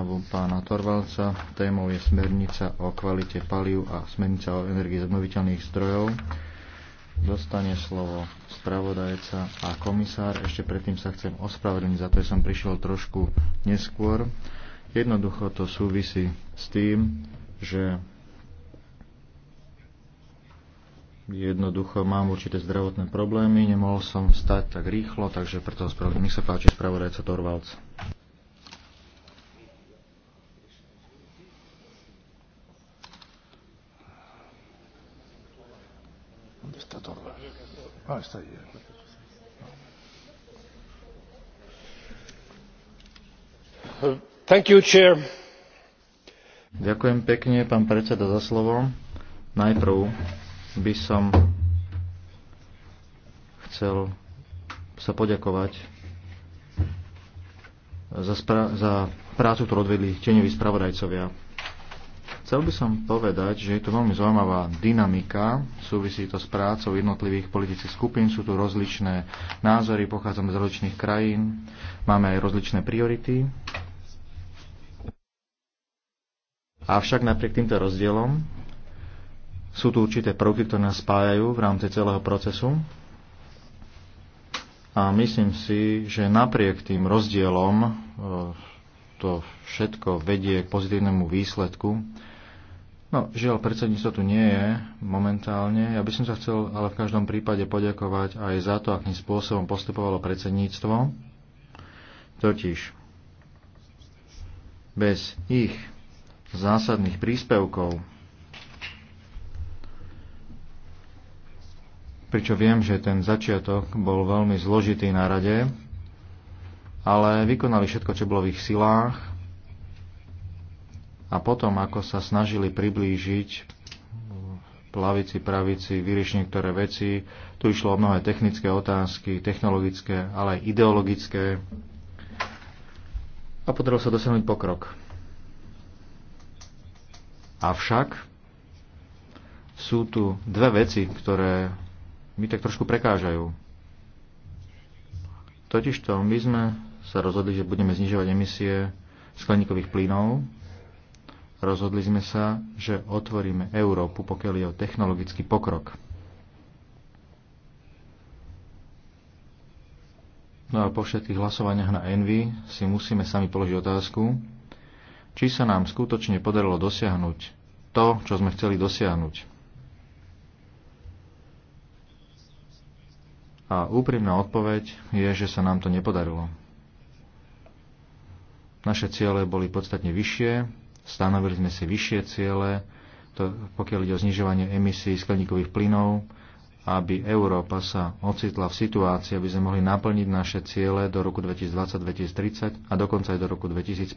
správu pána Torvalca. Témou je smernica o kvalite palív a smernica o energii z obnoviteľných zdrojov. Dostane slovo spravodajca a komisár. Ešte predtým sa chcem ospravedlniť za to, že som prišiel trošku neskôr. Jednoducho to súvisí s tým, že jednoducho mám určité zdravotné problémy, nemohol som stať tak rýchlo, takže preto ospravedlňujem. Nech sa páči spravodajca Torvalca. Ah, está ahí. Thank you, chair. Ďakujem pekne, pán predseda, za slovo. Najprv by som chcel sa poďakovať za, za prácu, ktorú odvedli tieňoví spravodajcovia Chcel by som povedať, že je to veľmi zaujímavá dynamika, súvisí to s prácou jednotlivých politických skupín, sú tu rozličné názory, pochádzame z rozličných krajín, máme aj rozličné priority. Avšak napriek týmto rozdielom sú tu určité prvky, ktoré nás spájajú v rámci celého procesu. A myslím si, že napriek tým rozdielom e, to všetko vedie k pozitívnemu výsledku No, žiaľ, predsedníctvo tu nie je momentálne. Ja by som sa chcel ale v každom prípade poďakovať aj za to, akým spôsobom postupovalo predsedníctvo. Totiž bez ich zásadných príspevkov, pričom viem, že ten začiatok bol veľmi zložitý na rade, ale vykonali všetko, čo bolo v ich silách a potom, ako sa snažili priblížiť plavici, pravici, vyriešiť niektoré veci, tu išlo o mnohé technické otázky, technologické, ale aj ideologické a podarilo sa dosiahnuť pokrok. Avšak sú tu dve veci, ktoré mi tak trošku prekážajú. Totižto my sme sa rozhodli, že budeme znižovať emisie skleníkových plynov Rozhodli sme sa, že otvoríme Európu, pokiaľ je o technologický pokrok. No a po všetkých hlasovaniach na Envy si musíme sami položiť otázku, či sa nám skutočne podarilo dosiahnuť to, čo sme chceli dosiahnuť. A úprimná odpoveď je, že sa nám to nepodarilo. Naše ciele boli podstatne vyššie stanovili sme si vyššie ciele, to, pokiaľ ide o znižovanie emisí skleníkových plynov, aby Európa sa ocitla v situácii, aby sme mohli naplniť naše ciele do roku 2020-2030 a dokonca aj do roku 2050.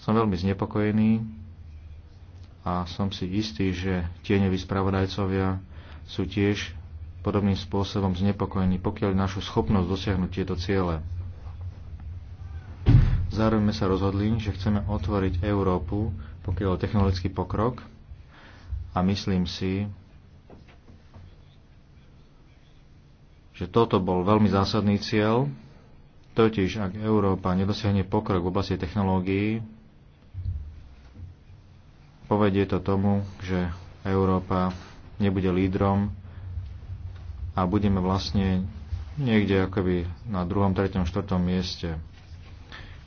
Som veľmi znepokojený a som si istý, že tieňoví spravodajcovia sú tiež podobným spôsobom znepokojení, pokiaľ našu schopnosť dosiahnuť tieto ciele. Zároveň sme sa rozhodli, že chceme otvoriť Európu, pokiaľ o technologický pokrok a myslím si, že toto bol veľmi zásadný cieľ, totiž ak Európa nedosiahne pokrok v oblasti technológií, povedie to tomu, že Európa nebude lídrom a budeme vlastne niekde akoby na druhom, tretom, štvrtom mieste.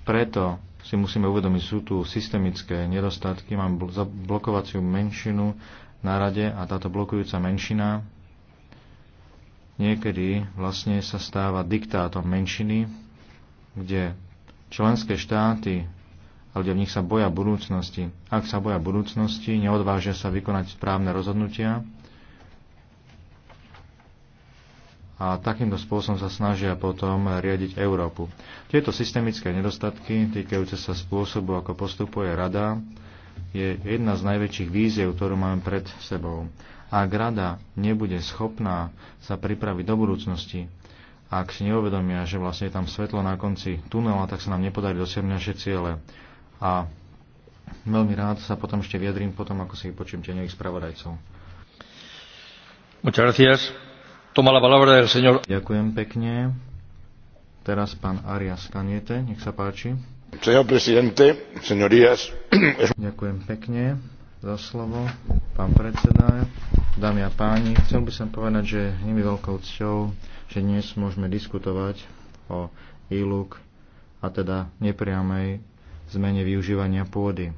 Preto si musíme uvedomiť, sú tu systemické nedostatky. Mám blokovaciu menšinu na rade a táto blokujúca menšina niekedy vlastne sa stáva diktátom menšiny, kde členské štáty a ľudia v nich sa boja budúcnosti. Ak sa boja budúcnosti, neodvážia sa vykonať správne rozhodnutia, a takýmto spôsobom sa snažia potom riadiť Európu. Tieto systemické nedostatky týkajúce sa spôsobu, ako postupuje Rada, je jedna z najväčších víziev, ktorú máme pred sebou. Ak Rada nebude schopná sa pripraviť do budúcnosti, ak si neuvedomia, že vlastne je tam svetlo na konci tunela, tak sa nám nepodarí dosiahnuť naše ciele. A veľmi rád sa potom ešte vyjadrím potom, ako si vypočujem tieňových spravodajcov. Muchas gracias. Toma la palabra señor. Ďakujem pekne. Teraz pán Arias Kaniete, nech sa páči. Señor presidente, señorías. Ďakujem pekne za slovo, pán predseda, dámy a páni. Chcel by som povedať, že je mi veľkou cťou, že dnes môžeme diskutovať o ILUK a teda nepriamej zmene využívania pôdy.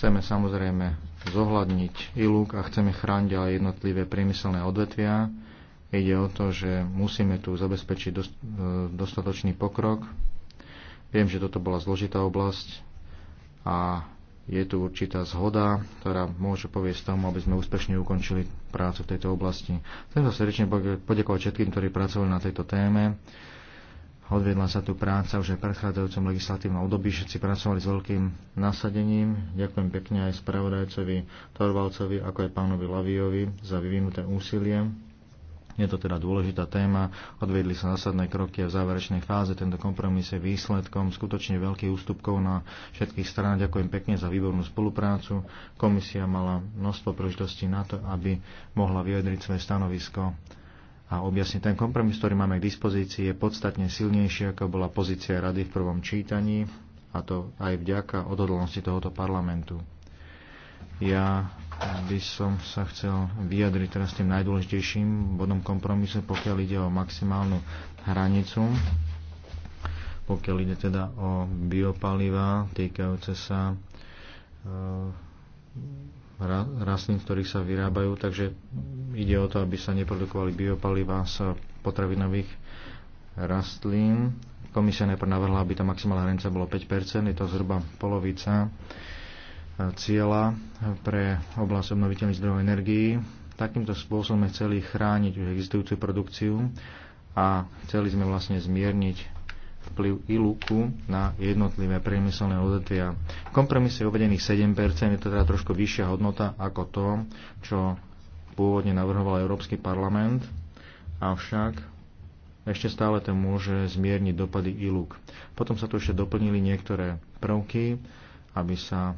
Chceme samozrejme zohľadniť ILUK a chceme chrániť aj jednotlivé priemyselné odvetvia. Ide o to, že musíme tu zabezpečiť e, dostatočný pokrok. Viem, že toto bola zložitá oblasť a je tu určitá zhoda, ktorá môže povieť tomu, aby sme úspešne ukončili prácu v tejto oblasti. Chcem sa srdečne poďakovať všetkým, ktorí pracovali na tejto téme. Odvedla sa tu práca už aj v predchádzajúcom legislatívnom období. Všetci pracovali s veľkým nasadením. Ďakujem pekne aj spravodajcovi Torvalcovi, ako aj pánovi Laviovi za vyvinuté úsilie. Je to teda dôležitá téma, odvedli sa zásadné kroky a v záverečnej fáze tento kompromis je výsledkom skutočne veľkých ústupkov na všetkých stranách. Ďakujem pekne za výbornú spoluprácu. Komisia mala množstvo príležitostí na to, aby mohla vyjadriť svoje stanovisko a objasniť. Ten kompromis, ktorý máme k dispozícii, je podstatne silnejší, ako bola pozícia rady v prvom čítaní, a to aj vďaka odhodlnosti tohoto parlamentu. Ja by som sa chcel vyjadriť teraz tým najdôležitejším bodom kompromisu, pokiaľ ide o maximálnu hranicu, pokiaľ ide teda o biopaliva týkajúce sa e, rastlín, z ktorých sa vyrábajú, takže ide o to, aby sa neprodukovali biopalivá z potravinových rastlín. Komisia najprv navrhla, aby tá maximálna hranica bola 5%, je to zhruba polovica e, cieľa pre oblasť obnoviteľných zdrojov energií. Takýmto spôsobom sme chceli chrániť už existujúcu produkciu a chceli sme vlastne zmierniť vplyv ilúku na jednotlivé priemyselné odvetvia. V kompromise je uvedených 7%, je to teda trošku vyššia hodnota ako to, čo pôvodne navrhoval Európsky parlament, avšak ešte stále to môže zmierniť dopady ILUK. Potom sa tu ešte doplnili niektoré prvky, aby sa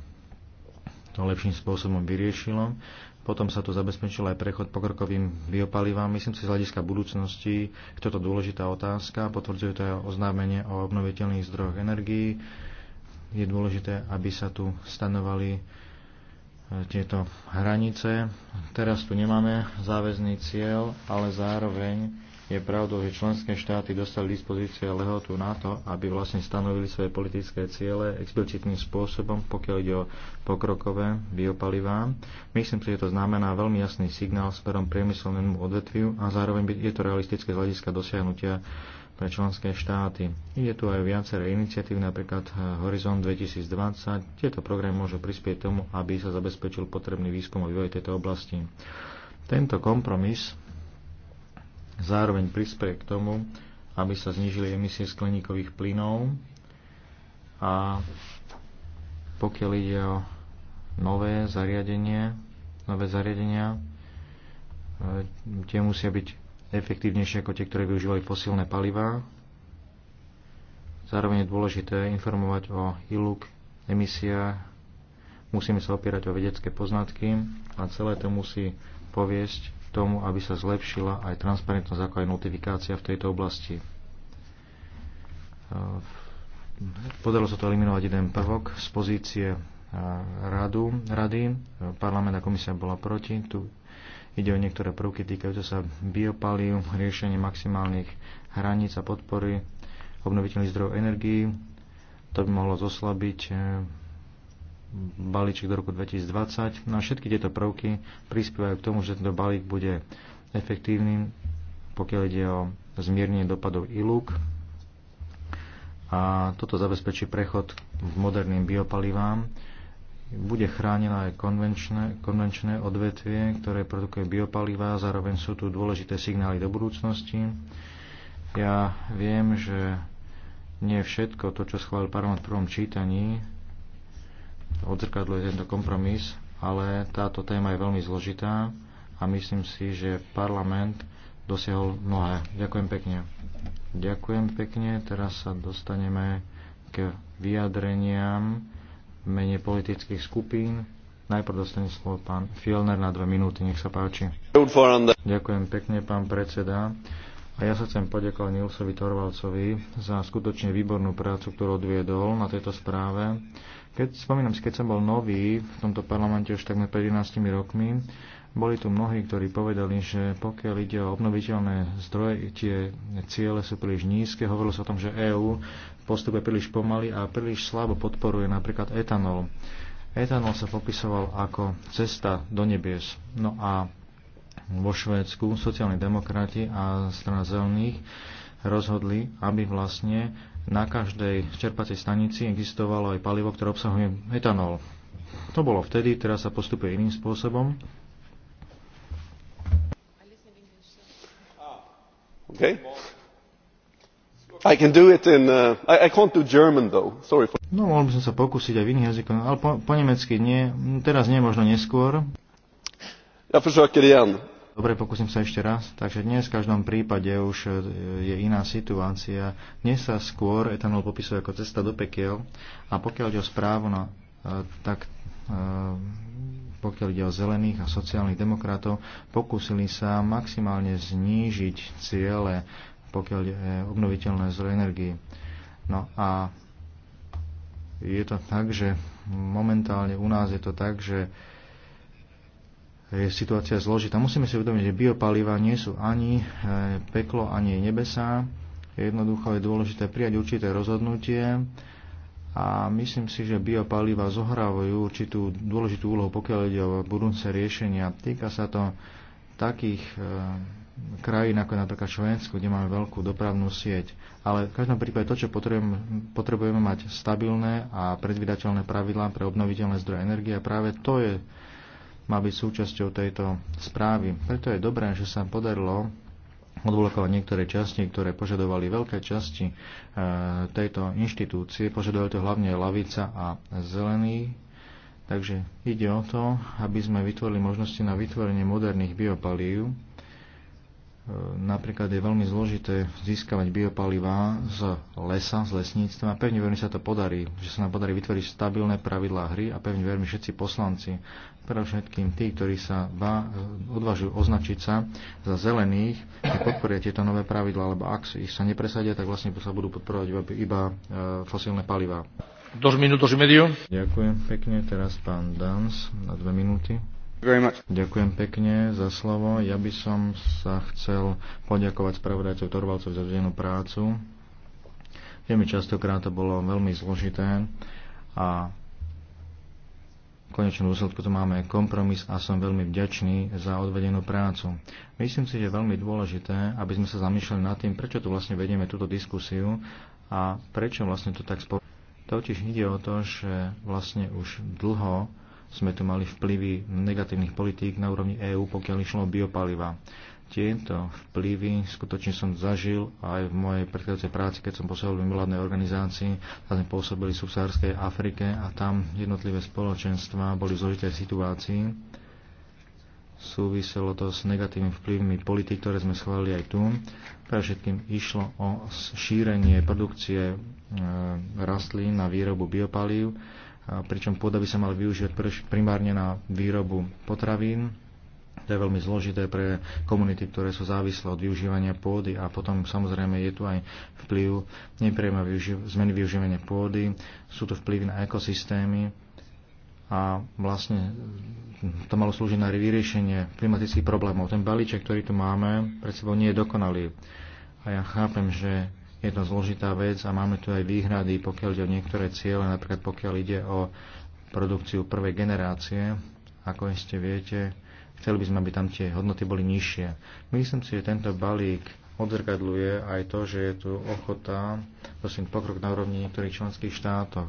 to lepším spôsobom vyriešilo. Potom sa tu zabezpečil aj prechod pokrokovým biopalivám. Myslím si, z hľadiska budúcnosti je toto dôležitá otázka. Potvrdzuje to aj oznámenie o obnoviteľných zdrojoch energií. Je dôležité, aby sa tu stanovali e, tieto hranice. Teraz tu nemáme záväzný cieľ, ale zároveň je pravdou, že členské štáty dostali dispozície lehotu na to, aby vlastne stanovili svoje politické ciele explicitným spôsobom, pokiaľ ide o pokrokové biopalivá. Myslím si, že to znamená veľmi jasný signál smerom priemyselnému odvetviu a zároveň je to realistické z hľadiska dosiahnutia pre členské štáty. Ide tu aj viaceré iniciatívy, napríklad eh, Horizon 2020. Tieto programy môžu prispieť tomu, aby sa zabezpečil potrebný výskum a vývoj tejto oblasti. Tento kompromis zároveň prispieje k tomu, aby sa znížili emisie skleníkových plynov a pokiaľ ide o nové zariadenie, nové zariadenia, e, tie musia byť efektívnejšie ako tie, ktoré využívajú fosílne palivá. Zároveň je dôležité informovať o iluk emisiách, musíme sa opierať o vedecké poznatky a celé to musí poviesť tomu, aby sa zlepšila aj transparentnosť, ako aj notifikácia v tejto oblasti. Podarilo sa to eliminovať jeden prvok z pozície radu, rady. Parlament a komisia bola proti. Tu ide o niektoré prvky týkajúce sa biopalív, riešenie maximálnych hraníc a podpory obnoviteľných zdrojov energií. To by mohlo zoslabiť balíček do roku 2020. No a všetky tieto prvky prispievajú k tomu, že tento balík bude efektívny, pokiaľ ide o zmiernenie dopadov ILUK. A toto zabezpečí prechod k moderným biopalivám. Bude chránené aj konvenčné, konvenčné odvetvie, ktoré produkuje biopalivá, zároveň sú tu dôležité signály do budúcnosti. Ja viem, že nie všetko to, čo schválil parlament v prvom čítaní, odzrkadľuje tento kompromis, ale táto téma je veľmi zložitá a myslím si, že parlament dosiahol mnohé. Ďakujem pekne. Ďakujem pekne. Teraz sa dostaneme k vyjadreniam mene politických skupín. Najprv dostane slovo pán Fielner na dve minúty, nech sa páči. Ďakujem pekne, pán predseda. A ja sa chcem poďakovať Nilsovi Torvalcovi za skutočne výbornú prácu, ktorú odviedol na tejto správe. Keď spomínam si, keď som bol nový v tomto parlamente už takmer pred 11 rokmi, boli tu mnohí, ktorí povedali, že pokiaľ ide o obnoviteľné zdroje, tie ciele sú príliš nízke. Hovorilo sa o tom, že EÚ postupuje príliš pomaly a príliš slabo podporuje napríklad etanol. Etanol sa popisoval ako cesta do nebies. No a vo Švédsku sociálni demokrati a strana zelených rozhodli, aby vlastne na každej čerpacej stanici existovalo aj palivo, ktoré obsahuje etanol. To bolo vtedy, teraz sa postupuje iným spôsobom. Okay. I can do it in, uh, I, I can't do German though. Sorry for... No, mohol by som sa pokúsiť aj v iných jazykoch, ale po, po nemecky nie. Teraz nie, možno neskôr. Ja försöker igen. Dobre, pokúsim sa ešte raz. Takže dnes v každom prípade už e, je iná situácia. Dnes sa skôr etanol popisuje ako cesta do pekiel a pokiaľ ide o správno, e, tak e, pokiaľ ide o zelených a sociálnych demokratov, pokúsili sa maximálne znížiť ciele, pokiaľ je obnoviteľné zdroje energii. No a je to tak, že momentálne u nás je to tak, že je situácia zložitá. Musíme si uvedomiť, že biopaliva nie sú ani e, peklo, ani nebesá. Jednoducho je dôležité prijať určité rozhodnutie a myslím si, že biopaliva zohrávajú určitú dôležitú úlohu, pokiaľ ide o budúce riešenia. Týka sa to takých e, krajín ako napríklad Švédsko, kde máme veľkú dopravnú sieť. Ale v každom prípade to, čo potrebujeme, potrebujeme mať stabilné a predvydateľné pravidlá pre obnoviteľné zdroje energie, a práve to je má byť súčasťou tejto správy. Preto je dobré, že sa podarilo odblokovať niektoré časti, ktoré požadovali veľké časti e, tejto inštitúcie. Požadovali to hlavne Lavica a Zelený. Takže ide o to, aby sme vytvorili možnosti na vytvorenie moderných biopalív, E, napríklad je veľmi zložité získavať biopalivá z lesa, z lesníctva. Pevne veľmi sa to podarí, že sa nám podarí vytvoriť stabilné pravidlá hry a pevne veľmi všetci poslanci, pre všetkým tí, ktorí sa bá, e, odvážujú označiť sa za zelených, podporia tieto nové pravidlá, lebo ak ich sa nepresadia, tak vlastne sa budú podporovať iba, iba e, fosílne palivá. Dož minutos dož Ďakujem pekne. Teraz pán Dans na dve minúty. Ďakujem pekne za slovo. Ja by som sa chcel poďakovať spravodajcov Torvalcov za vdenú prácu. Veľmi častokrát to bolo veľmi zložité a v konečnom dôsledku to máme kompromis a som veľmi vďačný za odvedenú prácu. Myslím si, že je veľmi dôležité, aby sme sa zamýšľali nad tým, prečo tu vlastne vedieme túto diskusiu a prečo vlastne to tak spolu. Totiž ide o to, že vlastne už dlho sme tu mali vplyvy negatívnych politík na úrovni EÚ, pokiaľ išlo o biopaliva. Tieto vplyvy skutočne som zažil aj v mojej predchádzajúcej práci, keď som pôsobil v mimovládnej organizácii, tam sme pôsobili v subsárskej Afrike a tam jednotlivé spoločenstva boli v zložitej situácii. Súviselo to s negatívnymi vplyvmi politik, ktoré sme schválili aj tu. Pre všetkým išlo o šírenie produkcie e, rastlín na výrobu biopalív pričom pôda by sa mali využívať primárne na výrobu potravín. To je veľmi zložité pre komunity, ktoré sú závislé od využívania pôdy a potom samozrejme je tu aj vplyv nepriama využi- zmeny využívania pôdy, sú tu vplyvy na ekosystémy a vlastne to malo slúžiť na vyriešenie klimatických problémov. Ten balíček, ktorý tu máme, pred sebou nie je dokonalý. A ja chápem, že je to zložitá vec a máme tu aj výhrady, pokiaľ ide o niektoré ciele, napríklad pokiaľ ide o produkciu prvej generácie, ako ešte viete, chceli by sme, aby tam tie hodnoty boli nižšie. Myslím si, že tento balík odzrkadluje aj to, že je tu ochota prosím, pokrok na úrovni niektorých členských štátoch.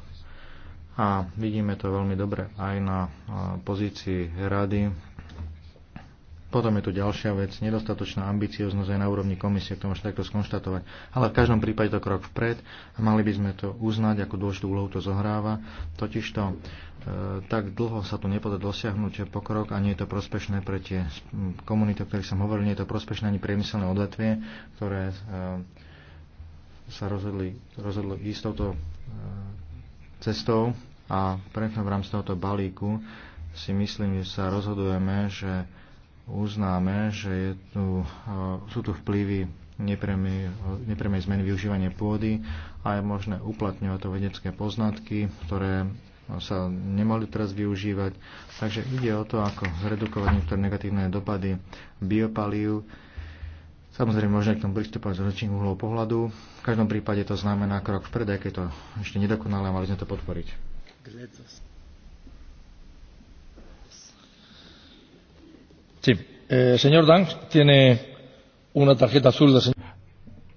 A vidíme to veľmi dobre aj na pozícii rady, potom je tu ďalšia vec, nedostatočná ambicioznosť aj na úrovni komisie, to môžete takto skonštatovať. Ale v každom prípade to krok vpred a mali by sme to uznať, ako dôležitú úlohu to zohráva. Totižto e, tak dlho sa tu nepodá dosiahnuť pokrok a nie je to prospešné pre tie komunity, o ktorých som hovoril, nie je to prospešné ani priemyselné odvetvie, ktoré e, sa rozhodli, rozhodlo ísť touto e, cestou a preto v rámci tohoto balíku si myslím, že sa rozhodujeme, že uznáme, že je tu, sú tu vplyvy nepremej zmeny využívania pôdy a je možné uplatňovať to vedecké poznatky, ktoré sa nemohli teraz využívať. Takže ide o to, ako zredukovať niektoré negatívne dopady biopalív. Samozrejme, možno k tomu pristupovať z rozličných uhlov pohľadu. V každom prípade to znamená krok vpred, aj keď to ešte nedokonalé, mali sme to podporiť. Eh, señor Danks, tiene una tarjeta azul de señor...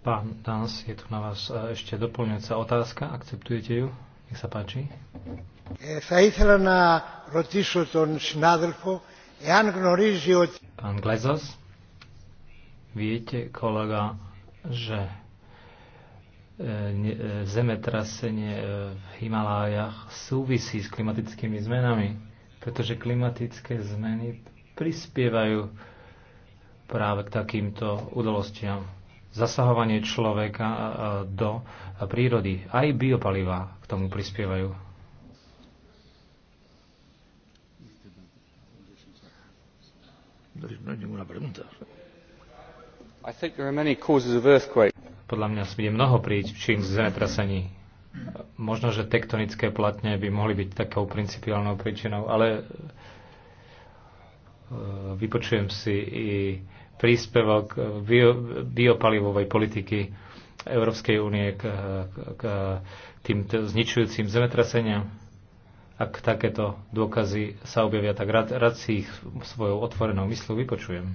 Pán Dans, je tu na vás eh, ešte doplňujúca otázka. Akceptujete ju? Nech sa páči. Eh, Pán Glezos, viete, kolega, že zemetrasenie v Himalájach súvisí s klimatickými zmenami, pretože klimatické zmeny prispievajú práve k takýmto udalostiam. Zasahovanie človeka do prírody, aj biopalivá k tomu prispievajú. No, no, Podľa mňa bude mnoho čím zemetrasení možno, že tektonické platne by mohli byť takou principiálnou príčinou, ale Vypočujem si i príspevok bio, biopalivovej politiky Európskej únie k, k tým zničujúcim zemetraseniam. Ak takéto dôkazy sa objavia, tak rad, rad si ich svojou otvorenou mysľou vypočujem.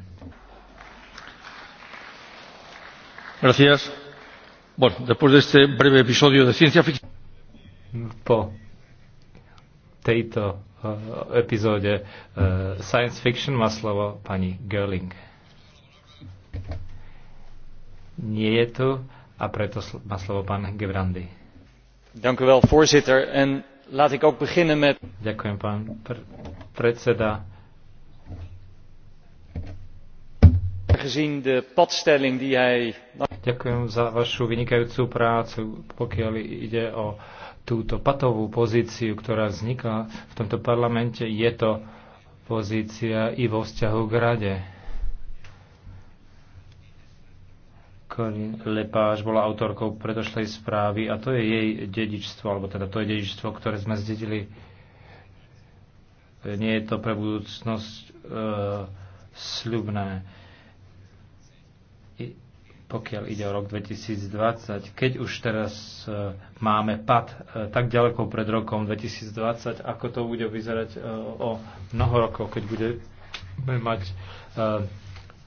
Gracias. Bueno, después de este breve episodio de ciencia ficción. Po tejto Eh, epizóde eh, Science Fiction má slovo pani Görling. Nie je tu a preto má slovo pán Gebrandy. voorzitter. En laat ik ook beginnen met... Ďakujem, pán pr- predseda. Gezien de padstelling die hij... Ďakujem za vašu vynikajúcu prácu, pokiaľ ide o uh, túto patovú pozíciu, ktorá vznikla v tomto parlamente, je to pozícia i vo vzťahu k rade. Corinne Lepage bola autorkou predošlej správy a to je jej dedičstvo, alebo teda to je dedičstvo, ktoré sme zdedili. Nie je to pre budúcnosť e, sľubné pokiaľ ide o rok 2020, keď už teraz e, máme pad e, tak ďaleko pred rokom 2020, ako to bude vyzerať e, o mnoho rokov, keď budeme mať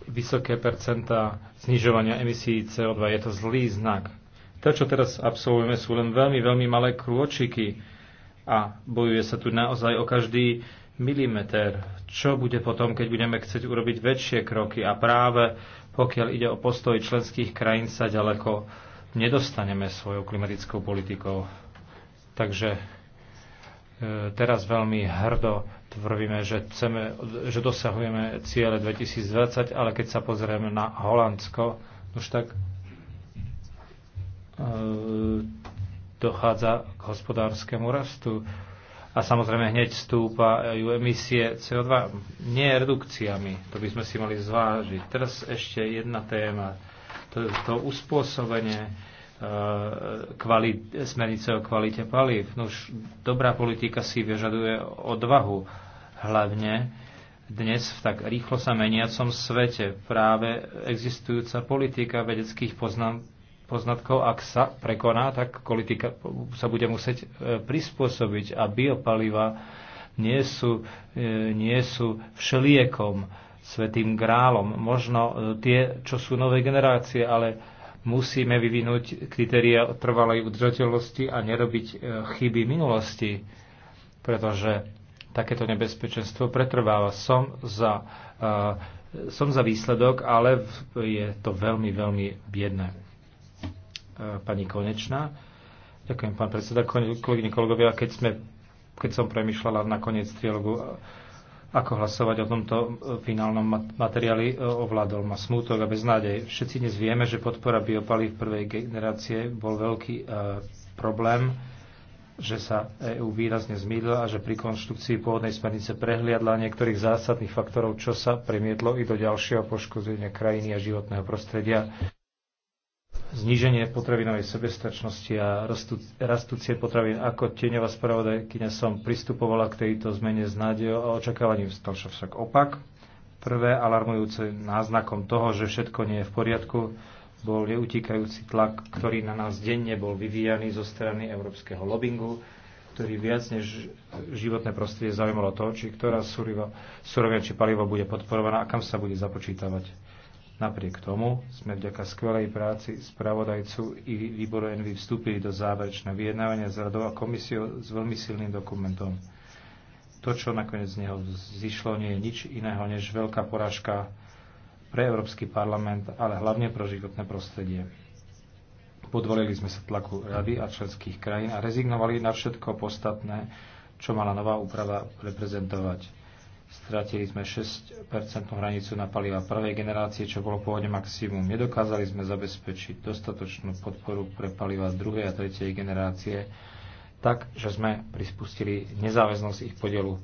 vysoké percentá znižovania emisí CO2. Je to zlý znak. To, čo teraz absolvujeme, sú len veľmi, veľmi malé krôčiky a bojuje sa tu naozaj o každý milimeter. Čo bude potom, keď budeme chcieť urobiť väčšie kroky? A práve pokiaľ ide o postoj členských krajín, sa ďaleko nedostaneme svojou klimatickou politikou. Takže e, teraz veľmi hrdo tvrdíme, že, chceme, že dosahujeme ciele 2020, ale keď sa pozrieme na Holandsko, už tak e, dochádza k hospodárskému rastu a samozrejme hneď stúpajú emisie CO2. Nie redukciami, to by sme si mali zvážiť. Teraz ešte jedna téma, to, to uspôsobenie e, kvalit, smernice o kvalite palív. No už dobrá politika si vyžaduje odvahu, hlavne dnes v tak rýchlo sa meniacom svete. Práve existujúca politika vedeckých poznám, poznatkov, ak sa prekoná, tak politika sa bude musieť e, prispôsobiť a biopaliva nie sú, e, nie sú všeliekom, svetým grálom. Možno e, tie, čo sú nové generácie, ale musíme vyvinúť kritéria trvalej udržateľnosti a nerobiť chyby minulosti, pretože takéto nebezpečenstvo pretrváva. Som za, uh, som za výsledok, ale je to veľmi, veľmi biedné pani Konečná. Ďakujem, pán predseda. Kolegyne, kolegovia, keď, sme, keď som premyšľala na koniec trialogu, ako hlasovať o tomto e, finálnom materiáli, e, ovládol ma smútok a beznádej. Všetci dnes vieme, že podpora v prvej generácie bol veľký e, problém, že sa EÚ výrazne zmýlila a že pri konštrukcii pôvodnej smernice prehliadla niektorých zásadných faktorov, čo sa premietlo i do ďalšieho poškodenia krajiny a životného prostredia zníženie potravinovej sebestačnosti a rastúcie potravín. Ako tieňová spravodajkyňa som pristupovala k tejto zmene s nádejou a očakávaním, stal sa však opak. Prvé alarmujúce náznakom toho, že všetko nie je v poriadku, bol neutíkajúci tlak, ktorý na nás denne bol vyvíjaný zo strany európskeho lobingu, ktorý viac než životné prostredie zaujímalo to, či ktorá surovina či palivo bude podporovaná a kam sa bude započítavať Napriek tomu sme vďaka skvelej práci spravodajcu i výboru Envy vstúpili do záverečného vyjednávania s radou a komisiou s veľmi silným dokumentom. To, čo nakoniec z neho zišlo, nie je nič iného než veľká poražka pre Európsky parlament, ale hlavne pro životné prostredie. Podvolili sme sa tlaku rady a členských krajín a rezignovali na všetko podstatné, čo mala nová úprava reprezentovať Stratili sme 6% hranicu na paliva prvej generácie, čo bolo pôvodne maximum. Nedokázali sme zabezpečiť dostatočnú podporu pre paliva z druhej a tretej generácie, tak, že sme prispustili nezáväznosť ich podielu.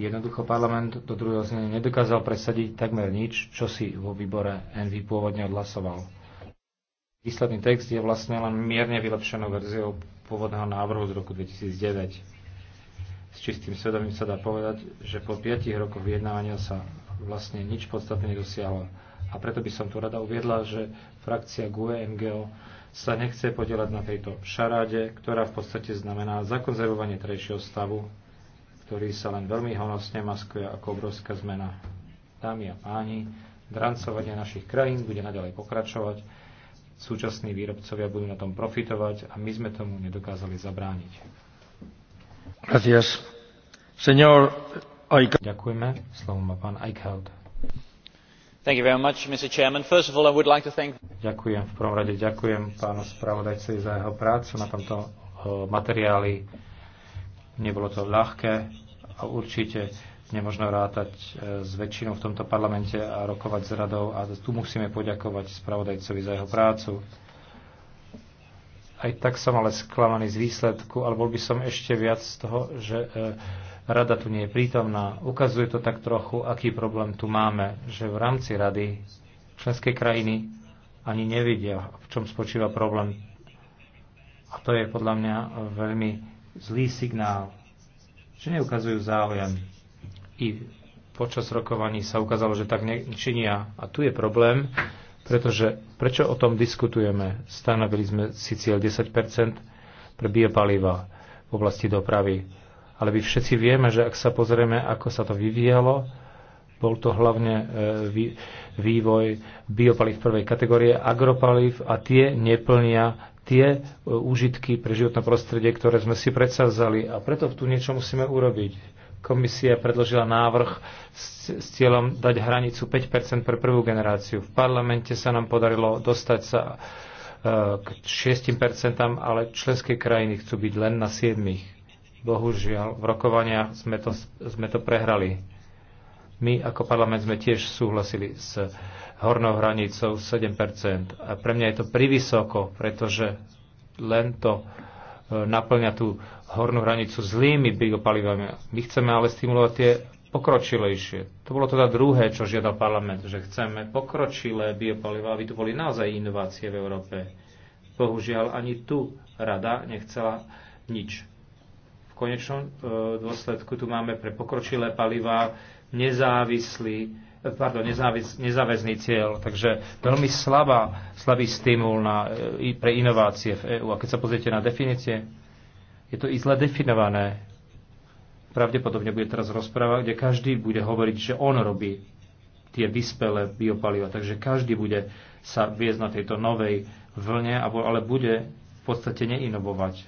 Jednoducho parlament do druhého znenia nedokázal presadiť takmer nič, čo si vo výbore NV pôvodne odhlasoval. Výsledný text je vlastne len mierne vylepšenou verziou pôvodného návrhu z roku 2009 s čistým svedomím sa dá povedať, že po 5 rokoch vyjednávania sa vlastne nič podstatne nedosiahlo. A preto by som tu rada uviedla, že frakcia GUE MGO sa nechce podielať na tejto šaráde, ktorá v podstate znamená zakonzervovanie trejšieho stavu, ktorý sa len veľmi honosne maskuje ako obrovská zmena. Dámy a páni, drancovanie našich krajín bude naďalej pokračovať, súčasní výrobcovia budú na tom profitovať a my sme tomu nedokázali zabrániť. Ďakujeme. Slovo má pán Eichhout. Much, like thank... Ďakujem. V prvom rade ďakujem pánu spravodajcovi za jeho prácu na tomto eh, materiáli. Nebolo to ľahké a určite nemožno rátať eh, s väčšinou v tomto parlamente a rokovať s radou a tu musíme poďakovať spravodajcovi za jeho prácu. Aj tak som ale sklamaný z výsledku, ale bol by som ešte viac z toho, že e, rada tu nie je prítomná. Ukazuje to tak trochu, aký problém tu máme, že v rámci rady členské krajiny ani nevidia, v čom spočíva problém. A to je podľa mňa veľmi zlý signál, že neukazujú záujem. I počas rokovaní sa ukázalo, že tak nečinia. A tu je problém, pretože Prečo o tom diskutujeme? Stanovili sme si cieľ 10 pre biopaliva v oblasti dopravy. Ale my všetci vieme, že ak sa pozrieme, ako sa to vyvíjalo, bol to hlavne e, vývoj biopaliv prvej kategórie, agropalív a tie neplnia tie e, užitky pre životné prostredie, ktoré sme si vzali. A preto tu niečo musíme urobiť Komisia predložila návrh s, s cieľom dať hranicu 5 pre prvú generáciu. V parlamente sa nám podarilo dostať sa e, k 6 ale členské krajiny chcú byť len na 7 Bohužiaľ, v rokovaniach sme to, sme to prehrali. My ako parlament sme tiež súhlasili s hornou hranicou 7 A pre mňa je to privysoko, pretože len to e, naplňa tú hornú hranicu zlými biopalivami. My chceme ale stimulovať tie pokročilejšie. To bolo teda druhé, čo žiadal parlament, že chceme pokročilé biopaliva, aby tu boli naozaj inovácie v Európe. Bohužiaľ, ani tu rada nechcela nič. V konečnom e, dôsledku tu máme pre pokročilé paliva nezávislý pardon, nezávis, nezáväzný cieľ. Takže veľmi slabá, slabý stimul na, e, pre inovácie v EÚ. A keď sa pozriete na definície, je to i zle definované. Pravdepodobne bude teraz rozpráva, kde každý bude hovoriť, že on robí tie vyspelé biopaliva. Takže každý bude sa viesť na tejto novej vlne, ale bude v podstate neinovovať.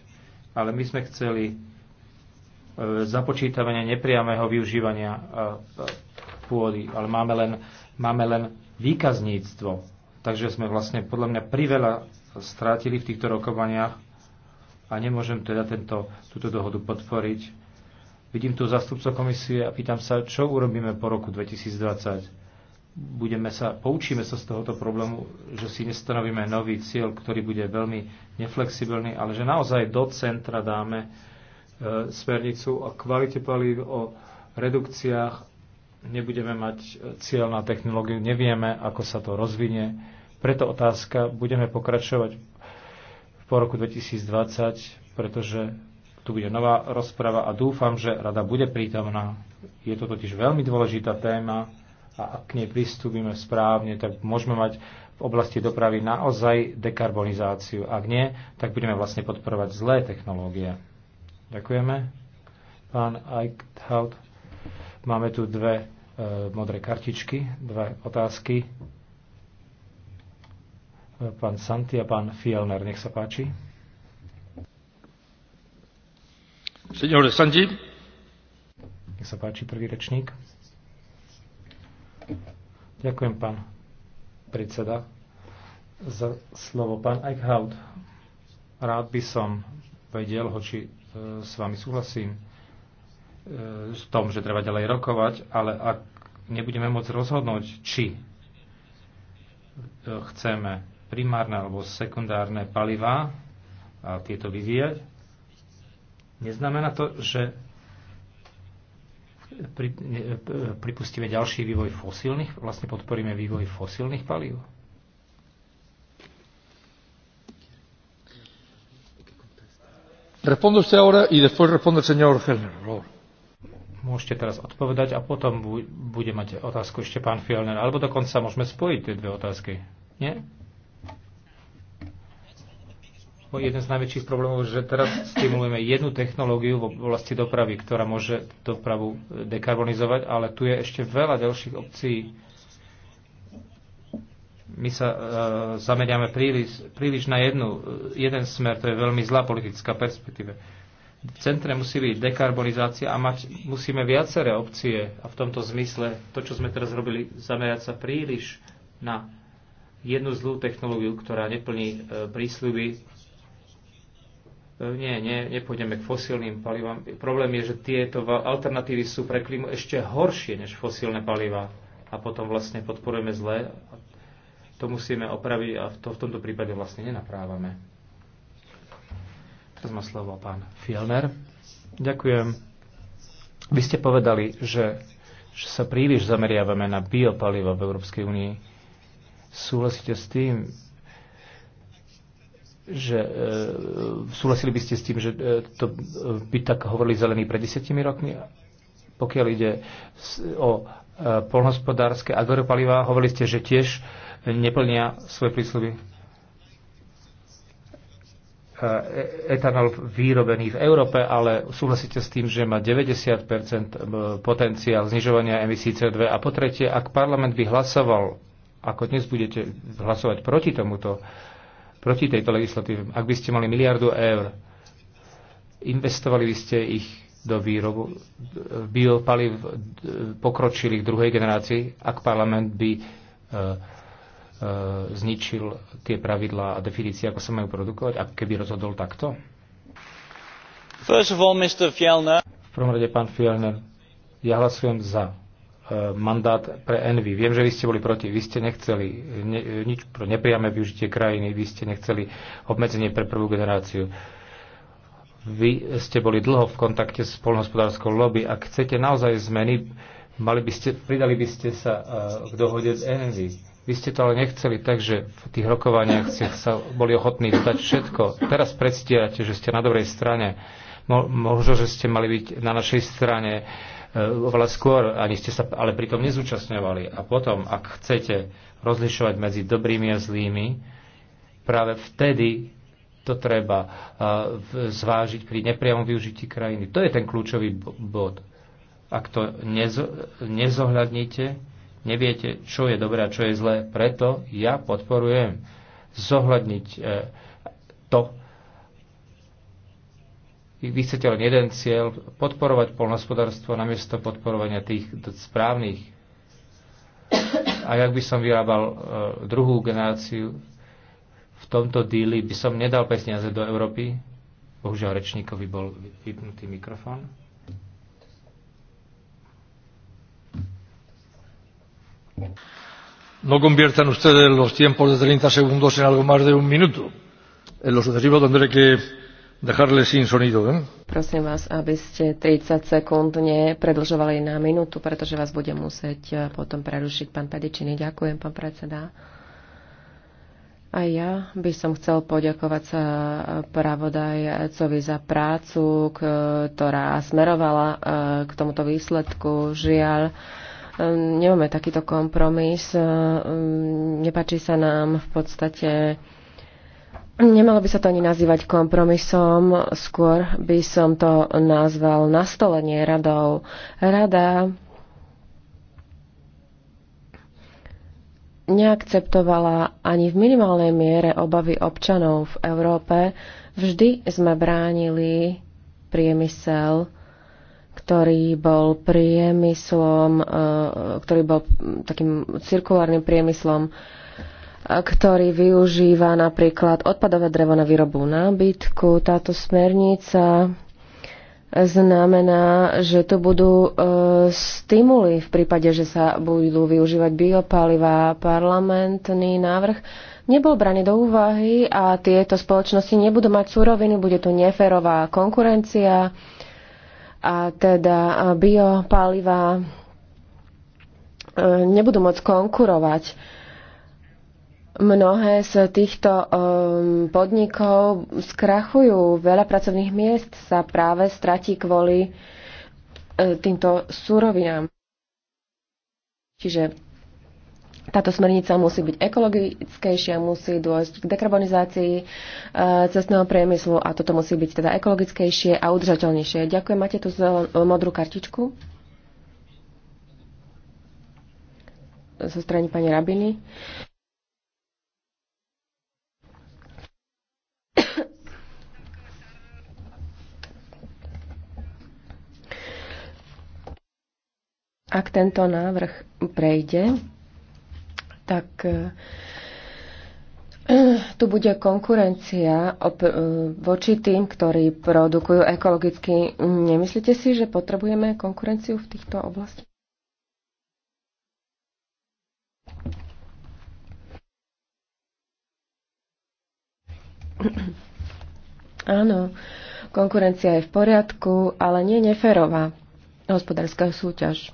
Ale my sme chceli e, započítavanie nepriamého využívania e, e, pôdy, ale máme len, máme len výkazníctvo. Takže sme vlastne podľa mňa priveľa strátili v týchto rokovaniach a nemôžem teda tento, túto dohodu podporiť. Vidím tu zastupcov komisie a pýtam sa, čo urobíme po roku 2020. Budeme sa, poučíme sa z tohoto problému, že si nestanovíme nový cieľ, ktorý bude veľmi neflexibilný, ale že naozaj do centra dáme e, smernicu o kvalite palív, o redukciách. Nebudeme mať cieľ na technológiu, nevieme, ako sa to rozvinie. Preto otázka, budeme pokračovať po roku 2020, pretože tu bude nová rozprava a dúfam, že rada bude prítomná. Je to totiž veľmi dôležitá téma a ak k nej pristúpime správne, tak môžeme mať v oblasti dopravy naozaj dekarbonizáciu. Ak nie, tak budeme vlastne podporovať zlé technológie. Ďakujeme. Pán Eichthout, máme tu dve e, modré kartičky, dve otázky pán Santi a pán Fielner. Nech sa páči. Signore Santi. Nech sa páči prvý rečník. Ďakujem, pán predseda, za slovo. Pán Eichhout, rád by som vedel, hoči e, s vami súhlasím, e, v tom, že treba ďalej rokovať, ale ak nebudeme môcť rozhodnúť, či e, chceme primárne alebo sekundárne palivá a tieto vyvíjať. Neznamená to, že pri, pripustíme ďalší vývoj fosílnych, vlastne podporíme vývoj fosílnych palív? Responde usted ahora y después responde el señor Fellner, por Môžete teraz odpovedať a potom bude mať otázku ešte pán Fielner. Alebo dokonca môžeme spojiť tie dve otázky. Nie? No, jeden z najväčších problémov, že teraz stimulujeme jednu technológiu v oblasti dopravy, ktorá môže dopravu e, dekarbonizovať, ale tu je ešte veľa ďalších opcií. My sa e, zameriame príliš, príliš na jednu, e, jeden smer, to je veľmi zlá politická perspektíva. V centre musí byť dekarbonizácia a mať, musíme viaceré opcie a v tomto zmysle to, čo sme teraz robili, zamerať sa príliš na jednu zlú technológiu, ktorá neplní e, prísľuby nie, nie, nepôjdeme k fosílnym palivám. Problém je, že tieto alternatívy sú pre klímu ešte horšie než fosílne paliva a potom vlastne podporujeme zlé. To musíme opraviť a to v tomto prípade vlastne nenaprávame. Teraz má slovo pán Fielner. Ďakujem. Vy ste povedali, že, že sa príliš zameriavame na biopaliva v Európskej únii. Súhlasíte s tým, že e, súhlasili by ste s tým, že e, to by tak hovorili zelení pred desiatimi rokmi, pokiaľ ide o e, polnospodárske agropalivá, hovorili ste, že tiež neplnia svoje prísluby. E, e, etanol výrobený v Európe, ale súhlasíte s tým, že má 90% e, potenciál znižovania emisí CO2. A po tretie, ak parlament by hlasoval, ako dnes budete hlasovať proti tomuto proti tejto legislatíve. Ak by ste mali miliardu eur, investovali by ste ich do výrobu biopaliv pokročilých druhej generácii, ak parlament by e, e, zničil tie pravidlá a definície, ako sa majú produkovať, a keby rozhodol takto? First of all, Mr. V prvom rade, pán Fjellner, ja hlasujem za E, mandát pre Envy. Viem, že vy ste boli proti, vy ste nechceli ne, nič pro nepriame využitie krajiny, vy ste nechceli obmedzenie pre prvú generáciu. Vy ste boli dlho v kontakte s polnohospodárskou lobby. Ak chcete naozaj zmeny, mali by ste, pridali by ste sa e, k dohode z Envy. Vy ste to ale nechceli, takže v tých rokovaniach ste sa boli ochotní zdať všetko. Teraz predstierate, že ste na dobrej strane. Možno, že ste mali byť na našej strane Eh, oveľa skôr, ani ste sa ale pritom nezúčastňovali. A potom, ak chcete rozlišovať medzi dobrými a zlými, práve vtedy to treba eh, zvážiť pri nepriamom využití krajiny. To je ten kľúčový bod. Ak to nezohľadnite, neviete, čo je dobré a čo je zlé, preto ja podporujem zohľadniť eh, to, vy chcete len jeden cieľ, podporovať polnospodárstvo namiesto podporovania tých správnych. A ak by som vyrábal e, druhú generáciu, v tomto díli by som nedal peniaze do Európy. Bohužiaľ rečníkovi bol vypnutý mikrofón. No conviertan ustedes los tiempos de 30 segundos en algo más de un minuto. En lo sucesivo tendré que ¿eh? Prosím vás, aby ste 30 sekúnd nepredlžovali na minútu, pretože vás bude musieť eh, potom prerušiť pán Pedičiny. Ďakujem, pán predseda. A ja by som chcel poďakovať sa eh, pravodajcovi za prácu, ktorá smerovala k tomuto výsledku. Žiaľ, nemáme takýto kompromis. Mm, Nepačí sa nám v podstate Nemalo by sa to ani nazývať kompromisom, skôr by som to nazval nastolenie radov. Rada neakceptovala ani v minimálnej miere obavy občanov v Európe. Vždy sme bránili priemysel, ktorý bol priemyslom, e, ktorý bol takým cirkulárnym priemyslom, ktorý využíva napríklad odpadové drevo na výrobu nábytku. Táto smernica znamená, že tu budú e, stimuly v prípade, že sa budú využívať biopaliva. Parlamentný návrh nebol braný do úvahy a tieto spoločnosti nebudú mať súroviny, bude tu neférová konkurencia a teda biopaliva e, nebudú môcť konkurovať Mnohé z týchto um, podnikov skrachujú, veľa pracovných miest sa práve stratí kvôli uh, týmto súrovinám. Čiže táto smernica musí byť ekologickejšia, musí dôjsť k dekarbonizácii uh, cestného priemyslu a toto musí byť teda ekologickejšie a udržateľnejšie. Ďakujem, máte tu zelen, modrú kartičku? Zo so strany pani Rabiny. Ak tento návrh prejde, tak e, e, tu bude konkurencia e, voči tým, ktorí produkujú ekologicky. Nemyslíte si, že potrebujeme konkurenciu v týchto oblastiach? Áno, konkurencia je v poriadku, ale nie neférová hospodárska súťaž.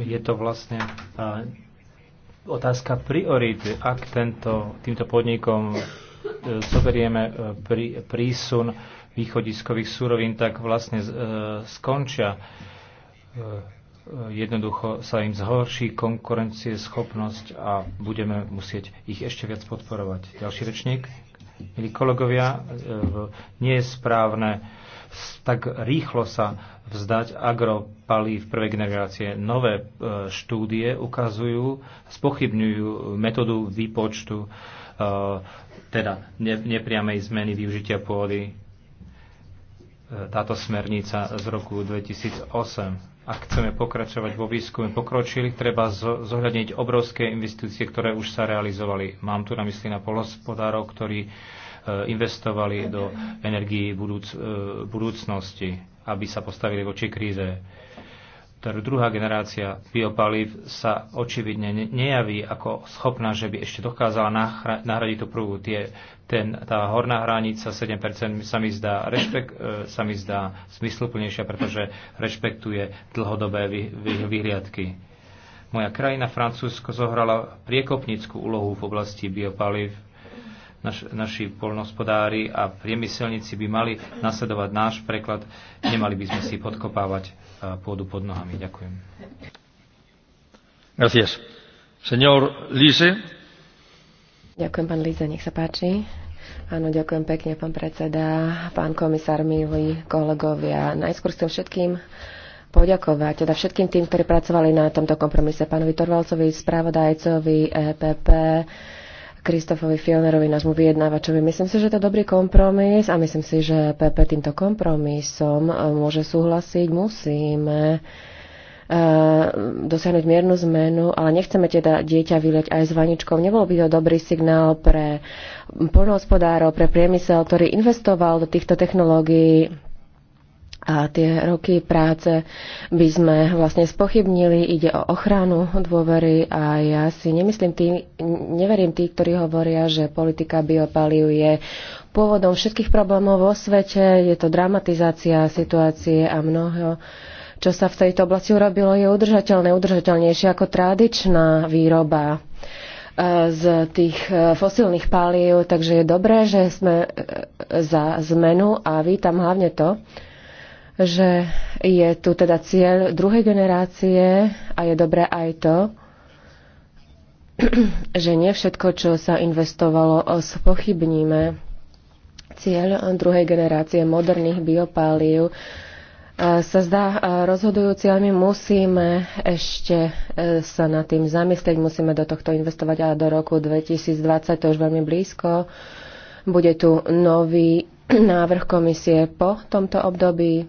Je to vlastne otázka priority, ak tento, týmto podnikom e, zoberieme e, prí, prísun východiskových súrovín, tak vlastne e, skončia. Jednoducho sa im zhorší schopnosť a budeme musieť ich ešte viac podporovať. Ďalší rečník. Milí kolegovia, nie je správne tak rýchlo sa vzdať v prvej generácie. Nové e, štúdie ukazujú, spochybňujú metódu výpočtu e, teda nepriamej zmeny využitia pôdy. E, táto smernica z roku 2008 ak chceme pokračovať vo výskume pokročili, treba zohľadniť obrovské investície, ktoré už sa realizovali. Mám tu na mysli na polospodárov, ktorí Eh, investovali do energii budúc, eh, budúcnosti, aby sa postavili voči kríze. Druhá generácia biopalív sa očividne nejaví ako schopná, že by ešte dokázala nahradiť tú prvú. Tie, ten, tá horná hranica 7% sa mi zdá, rešpekt, eh, sa mi zdá zmysluplnejšia, pretože rešpektuje dlhodobé vy, vy, vyhliadky. Moja krajina Francúzsko zohrala priekopnickú úlohu v oblasti biopalív Naš, naši polnospodári a priemyselníci by mali nasledovať náš preklad. Nemali by sme si podkopávať e, pôdu pod nohami. Ďakujem. Gracias. Señor Lise. Ďakujem, pán Líze, nech sa páči. Áno, ďakujem pekne, pán predseda, pán komisár, milí kolegovia. Najskôr chcem všetkým poďakovať teda všetkým tým, ktorí pracovali na tomto kompromise, pánovi Torvalcovi, správodajcovi, EPP, Kristofovi Filnerovi, nášmu vyjednávačovi. Myslím si, že to je dobrý kompromis a myslím si, že PP týmto kompromisom e, môže súhlasiť. Musíme e, dosiahnuť miernu zmenu, ale nechceme teda dieťa vyliať aj s vaničkou. Nebol by to dobrý signál pre poľnohospodárov, pre priemysel, ktorý investoval do týchto technológií a tie roky práce by sme vlastne spochybnili, ide o ochranu dôvery a ja si nemyslím tým, neverím tí, ktorí hovoria, že politika biopaliu je pôvodom všetkých problémov vo svete, je to dramatizácia situácie a mnoho čo sa v tejto oblasti urobilo, je udržateľné, udržateľnejšie ako tradičná výroba e, z tých e, fosílnych palív, takže je dobré, že sme e, za zmenu a vítam hlavne to, že je tu teda cieľ druhej generácie a je dobré aj to, že nie všetko, čo sa investovalo, spochybníme. Cieľ druhej generácie moderných biopáliev e, sa zdá e, rozhodujúci, ale my musíme ešte e, sa nad tým zamyslieť, musíme do tohto investovať a do roku 2020, to už veľmi blízko, bude tu nový návrh komisie po tomto období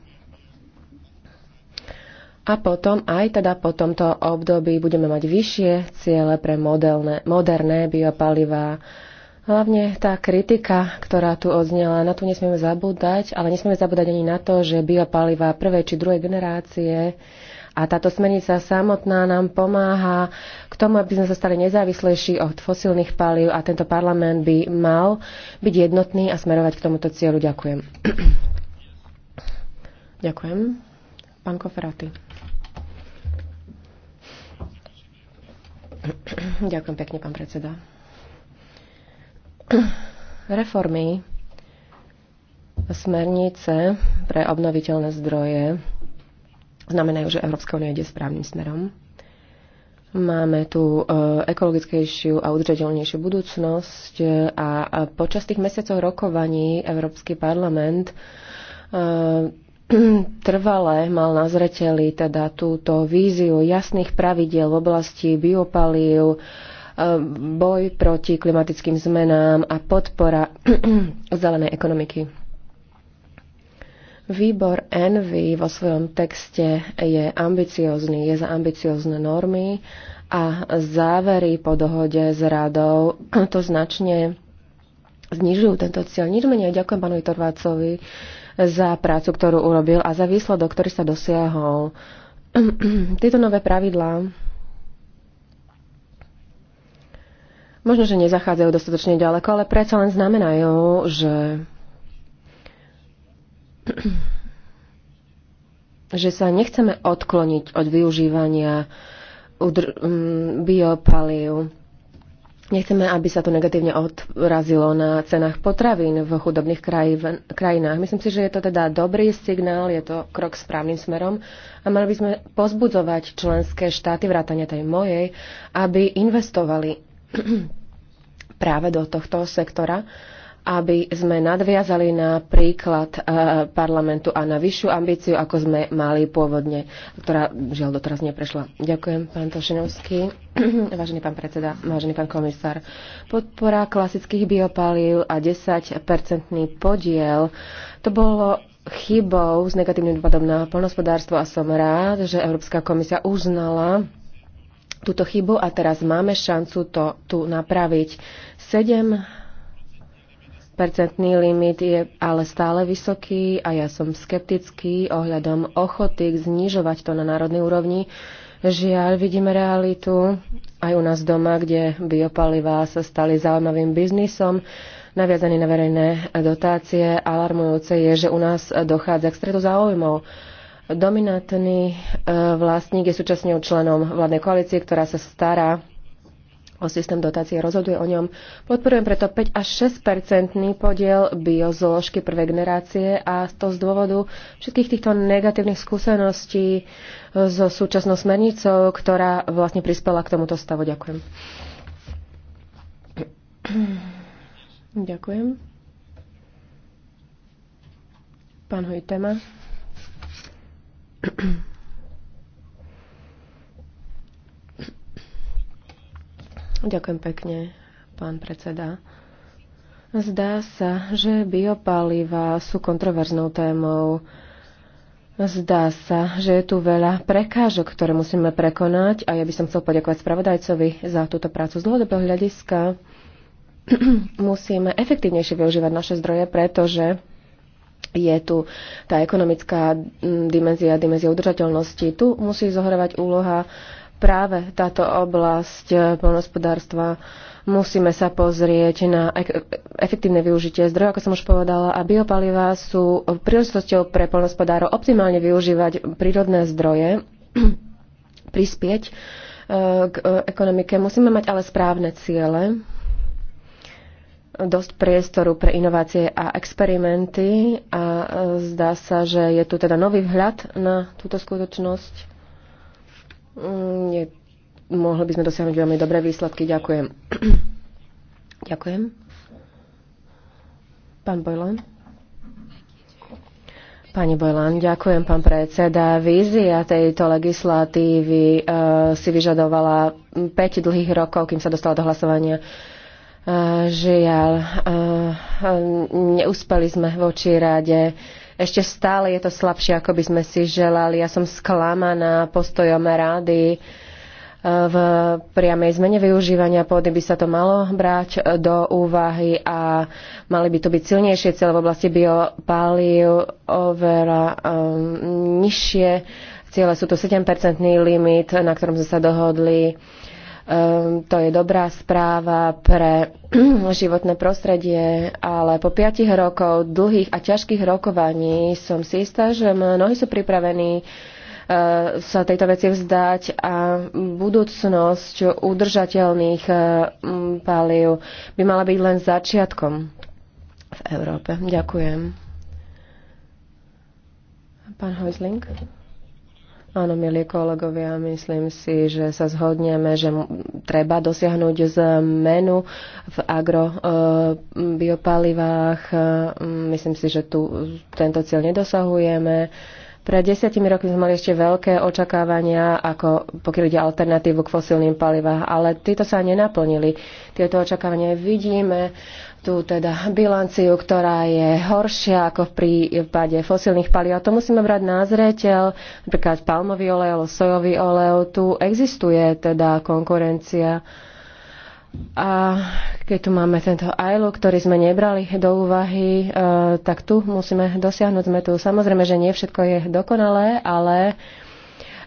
a potom, aj teda po tomto období, budeme mať vyššie ciele pre modelné, moderné biopalivá. Hlavne tá kritika, ktorá tu odznela, na tu nesmieme zabúdať, ale nesmieme zabúdať ani na to, že biopalivá prvej či druhej generácie a táto smernica samotná nám pomáha k tomu, aby sme sa stali nezávislejší od fosílnych palív a tento parlament by mal byť jednotný a smerovať k tomuto cieľu. Ďakujem. Ďakujem. Pán Koferaty. Ďakujem pekne, pán predseda. Reformy smernice pre obnoviteľné zdroje znamenajú, že Európska únia ide správnym smerom. Máme tu e, ekologickejšiu a udržateľnejšiu budúcnosť a počas tých mesiacov rokovaní Európsky parlament e, trvale mal na zreteli teda túto víziu jasných pravidiel v oblasti biopalív, e, boj proti klimatickým zmenám a podpora zelenej ekonomiky. Výbor Envy vo svojom texte je ambiciozný, je za ambiciozne normy a závery po dohode s radou to značne znižujú tento cieľ. Nič menej ďakujem pánovi Torvácovi za prácu, ktorú urobil a za výsledok, ktorý sa dosiahol. Tieto nové pravidlá možno, že nezachádzajú dostatočne ďaleko, ale predsa len znamenajú, že že sa nechceme odkloniť od využívania mm, biopalív Nechceme, aby sa to negatívne odrazilo na cenách potravín v chudobných kraj, v krajinách. Myslím si, že je to teda dobrý signál, je to krok správnym smerom a mali by sme pozbudzovať členské štáty, vrátane tej mojej, aby investovali práve do tohto sektora aby sme nadviazali na príklad eh, parlamentu a na vyššiu ambíciu, ako sme mali pôvodne, ktorá žiaľ doteraz neprešla. Ďakujem, pán Tošinovský. vážený pán predseda, vážený pán komisár. Podpora klasických biopalív a 10-percentný podiel, to bolo chybou s negatívnym dopadom na polnospodárstvo a som rád, že Európska komisia uznala túto chybu a teraz máme šancu to tu napraviť. 7 percentný limit je ale stále vysoký a ja som skeptický ohľadom ochoty znižovať to na národnej úrovni. Žiaľ, vidíme realitu aj u nás doma, kde biopalivá sa stali zaujímavým biznisom, naviazaný na verejné dotácie. Alarmujúce je, že u nás dochádza k stredu záujmov. Dominantný e, vlastník je súčasne členom vládnej koalície, ktorá sa stará o systém dotácie, rozhoduje o ňom. Podporujem preto 5 až 6-percentný podiel biozložky prvej generácie a to z dôvodu všetkých týchto negatívnych skúseností so súčasnou smernicou, ktorá vlastne prispela k tomuto stavu. Ďakujem. Ďakujem. Pán Hojtema. Ďakujem pekne, pán predseda. Zdá sa, že biopaliva sú kontroverznou témou. Zdá sa, že je tu veľa prekážok, ktoré musíme prekonať a ja by som chcel poďakovať spravodajcovi za túto prácu z dlhodobého hľadiska. musíme efektívnejšie využívať naše zdroje, pretože je tu tá ekonomická dimenzia, dimenzia udržateľnosti. Tu musí zohrávať úloha práve táto oblasť eh, poľnohospodárstva. Musíme sa pozrieť na efektívne využitie zdrojov, ako som už povedala, a biopalivá sú príležitosťou pre poľnohospodárov optimálne využívať prírodné zdroje, prispieť eh, k eh, ekonomike. Musíme mať ale správne ciele, dosť priestoru pre inovácie a experimenty a zdá sa, že je tu teda nový vhľad na túto skutočnosť nie, mm, mohli by sme dosiahnuť veľmi dobré výsledky. Ďakujem. Ďakujem. Pán Bojlan. Pani Bojlan, ďakujem, pán predseda. Vízia tejto legislatívy e, si vyžadovala 5 dlhých rokov, kým sa dostala do hlasovania. E, žiaľ, e, neúspeli sme voči rade. E, ešte stále je to slabšie, ako by sme si želali. Ja som sklamaná postojom rády e, v priamej zmene využívania pôdy by sa to malo brať e, do úvahy a mali by to byť silnejšie cieľe v oblasti biopalív oveľa um, e, nižšie. Ciele sú to 7-percentný limit, na ktorom sme sa dohodli. Uh, Ehm, to je dobrá správa pre životné prostredie, ale po piatich rokov dlhých a ťažkých rokovaní som si istá, že mnohí sú pripravení eh, sa tejto veci vzdať a budúcnosť udržateľných eh, palív by mala byť len začiatkom v Európe. Ďakujem. Pán Hojzling. Áno, milí kolegovia, myslím si, že sa zhodneme, že treba dosiahnuť zmenu v agrobiopalivách. E, e, myslím si, že tu tento cieľ nedosahujeme. Pred desiatimi rokmi sme mali ešte veľké očakávania, ako pokiaľ ide alternatívu k fosílnym palivám, ale títo sa nenaplnili. Tieto očakávania vidíme tú teda bilanciu, ktorá je horšia ako v prípade fosílnych palív. A to musíme brať na zreteľ, napríklad palmový olej alebo sojový olej. Tu existuje teda konkurencia. A keď tu máme tento ILO, ktorý sme nebrali do úvahy, e, tak tu musíme dosiahnuť sme tu. Samozrejme, že nie všetko je dokonalé, ale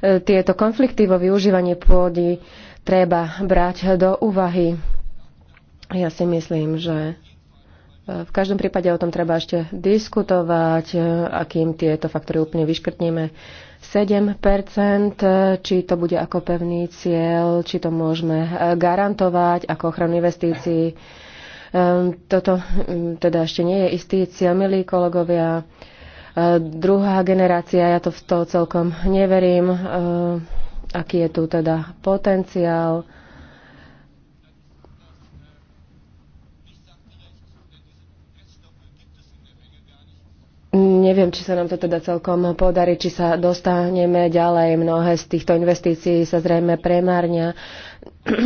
e, tieto konflikty vo využívaní pôdy treba brať do úvahy. Ja si myslím, že v každom prípade o tom treba ešte diskutovať, e, akým tieto faktory úplne vyškrtneme. 7%, e, či to bude ako pevný cieľ, či to môžeme e, garantovať ako ochranu investícií. Toto teda ešte nie je istý cieľ, milí kolegovia. Druhá generácia, ja to v to celkom neverím, aký je tu teda potenciál. neviem, či sa nám to teda celkom podarí, či sa dostaneme ďalej. Mnohé z týchto investícií sa zrejme premárňa.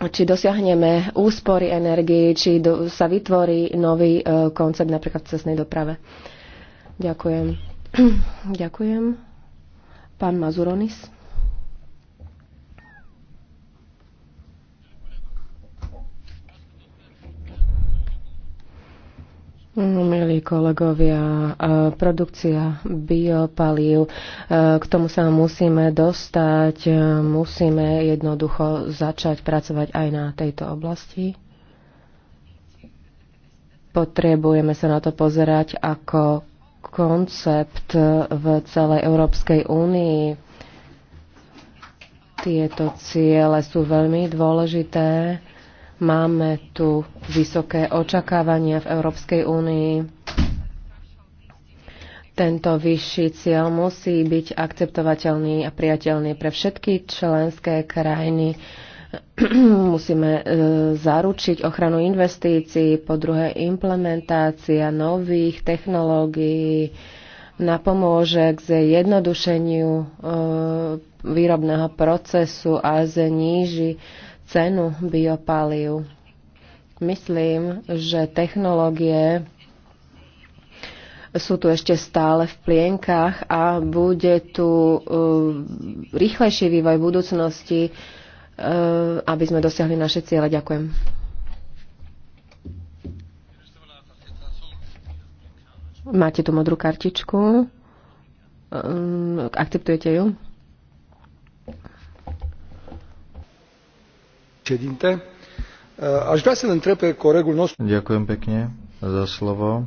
či dosiahneme úspory energii, či do, sa vytvorí nový e, koncept napríklad v cestnej doprave. Ďakujem. Ďakujem. Pán Mazuronis. No, milí kolegovia, e, produkcia biopalív, e, k tomu sa musíme dostať, e, musíme jednoducho začať pracovať aj na tejto oblasti. Potrebujeme sa na to pozerať ako koncept v celej Európskej únii. Tieto ciele sú veľmi dôležité Máme tu vysoké očakávania v Európskej únii. Tento vyšší cieľ musí byť akceptovateľný a priateľný pre všetky členské krajiny. Musíme e, zaručiť ochranu investícií, po druhé implementácia nových technológií napomôže k zjednodušeniu e, výrobného procesu a zníži cenu biopalív. Myslím, že technológie sú tu ešte stále v plienkach a bude tu eh, rýchlejší vývoj budúcnosti, eh, aby sme dosiahli naše ciele. Ďakujem. Máte tu modrú kartičku. Ehm, akceptujete ju? președinte. Aș vrea să-l întreb pe colegul nostru. Ďakujem pekne za slovo.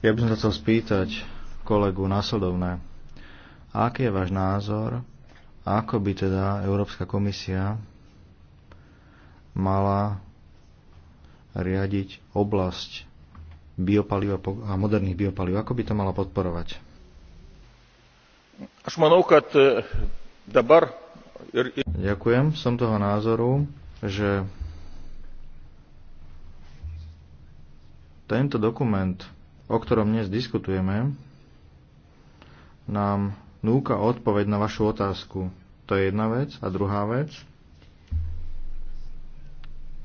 Ja by som sa chcel spýtať kolegu následovné. Aký je váš názor, ako by teda Európska komisia mala riadiť oblasť biopaliv a moderných biopaliv? Ako by to mala podporovať? Až e, dabar... Ďakujem, som toho názoru, že tento dokument, o ktorom dnes diskutujeme, nám núka odpoveď na vašu otázku. To je jedna vec. A druhá vec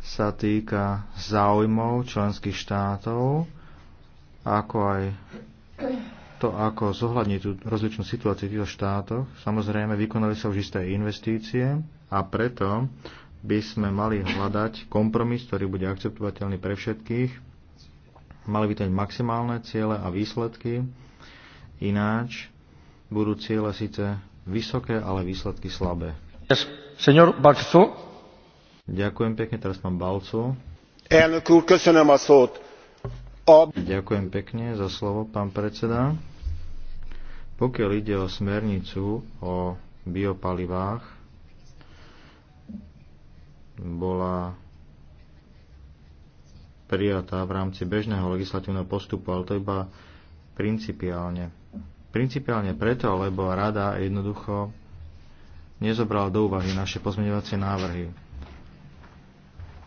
sa týka záujmov členských štátov, ako aj to, ako zohľadniť tú rozličnú situáciu v týchto štátoch. Samozrejme, vykonali sa už isté investície a preto by sme mali hľadať kompromis, ktorý bude akceptovateľný pre všetkých. Mali by to mať maximálne ciele a výsledky, ináč budú ciele síce vysoké, ale výsledky slabé. Yes. Senor Balco. Ďakujem pekne, teraz pán Balcu. Elnök úr, köszönöm a szót. A... Ďakujem pekne za slovo, pán predseda. Pokiaľ ide o smernicu o biopalivách, bola prijatá v rámci bežného legislatívneho postupu, ale to iba principiálne. Principiálne preto, lebo rada jednoducho nezobrala do úvahy naše pozmeňovacie návrhy.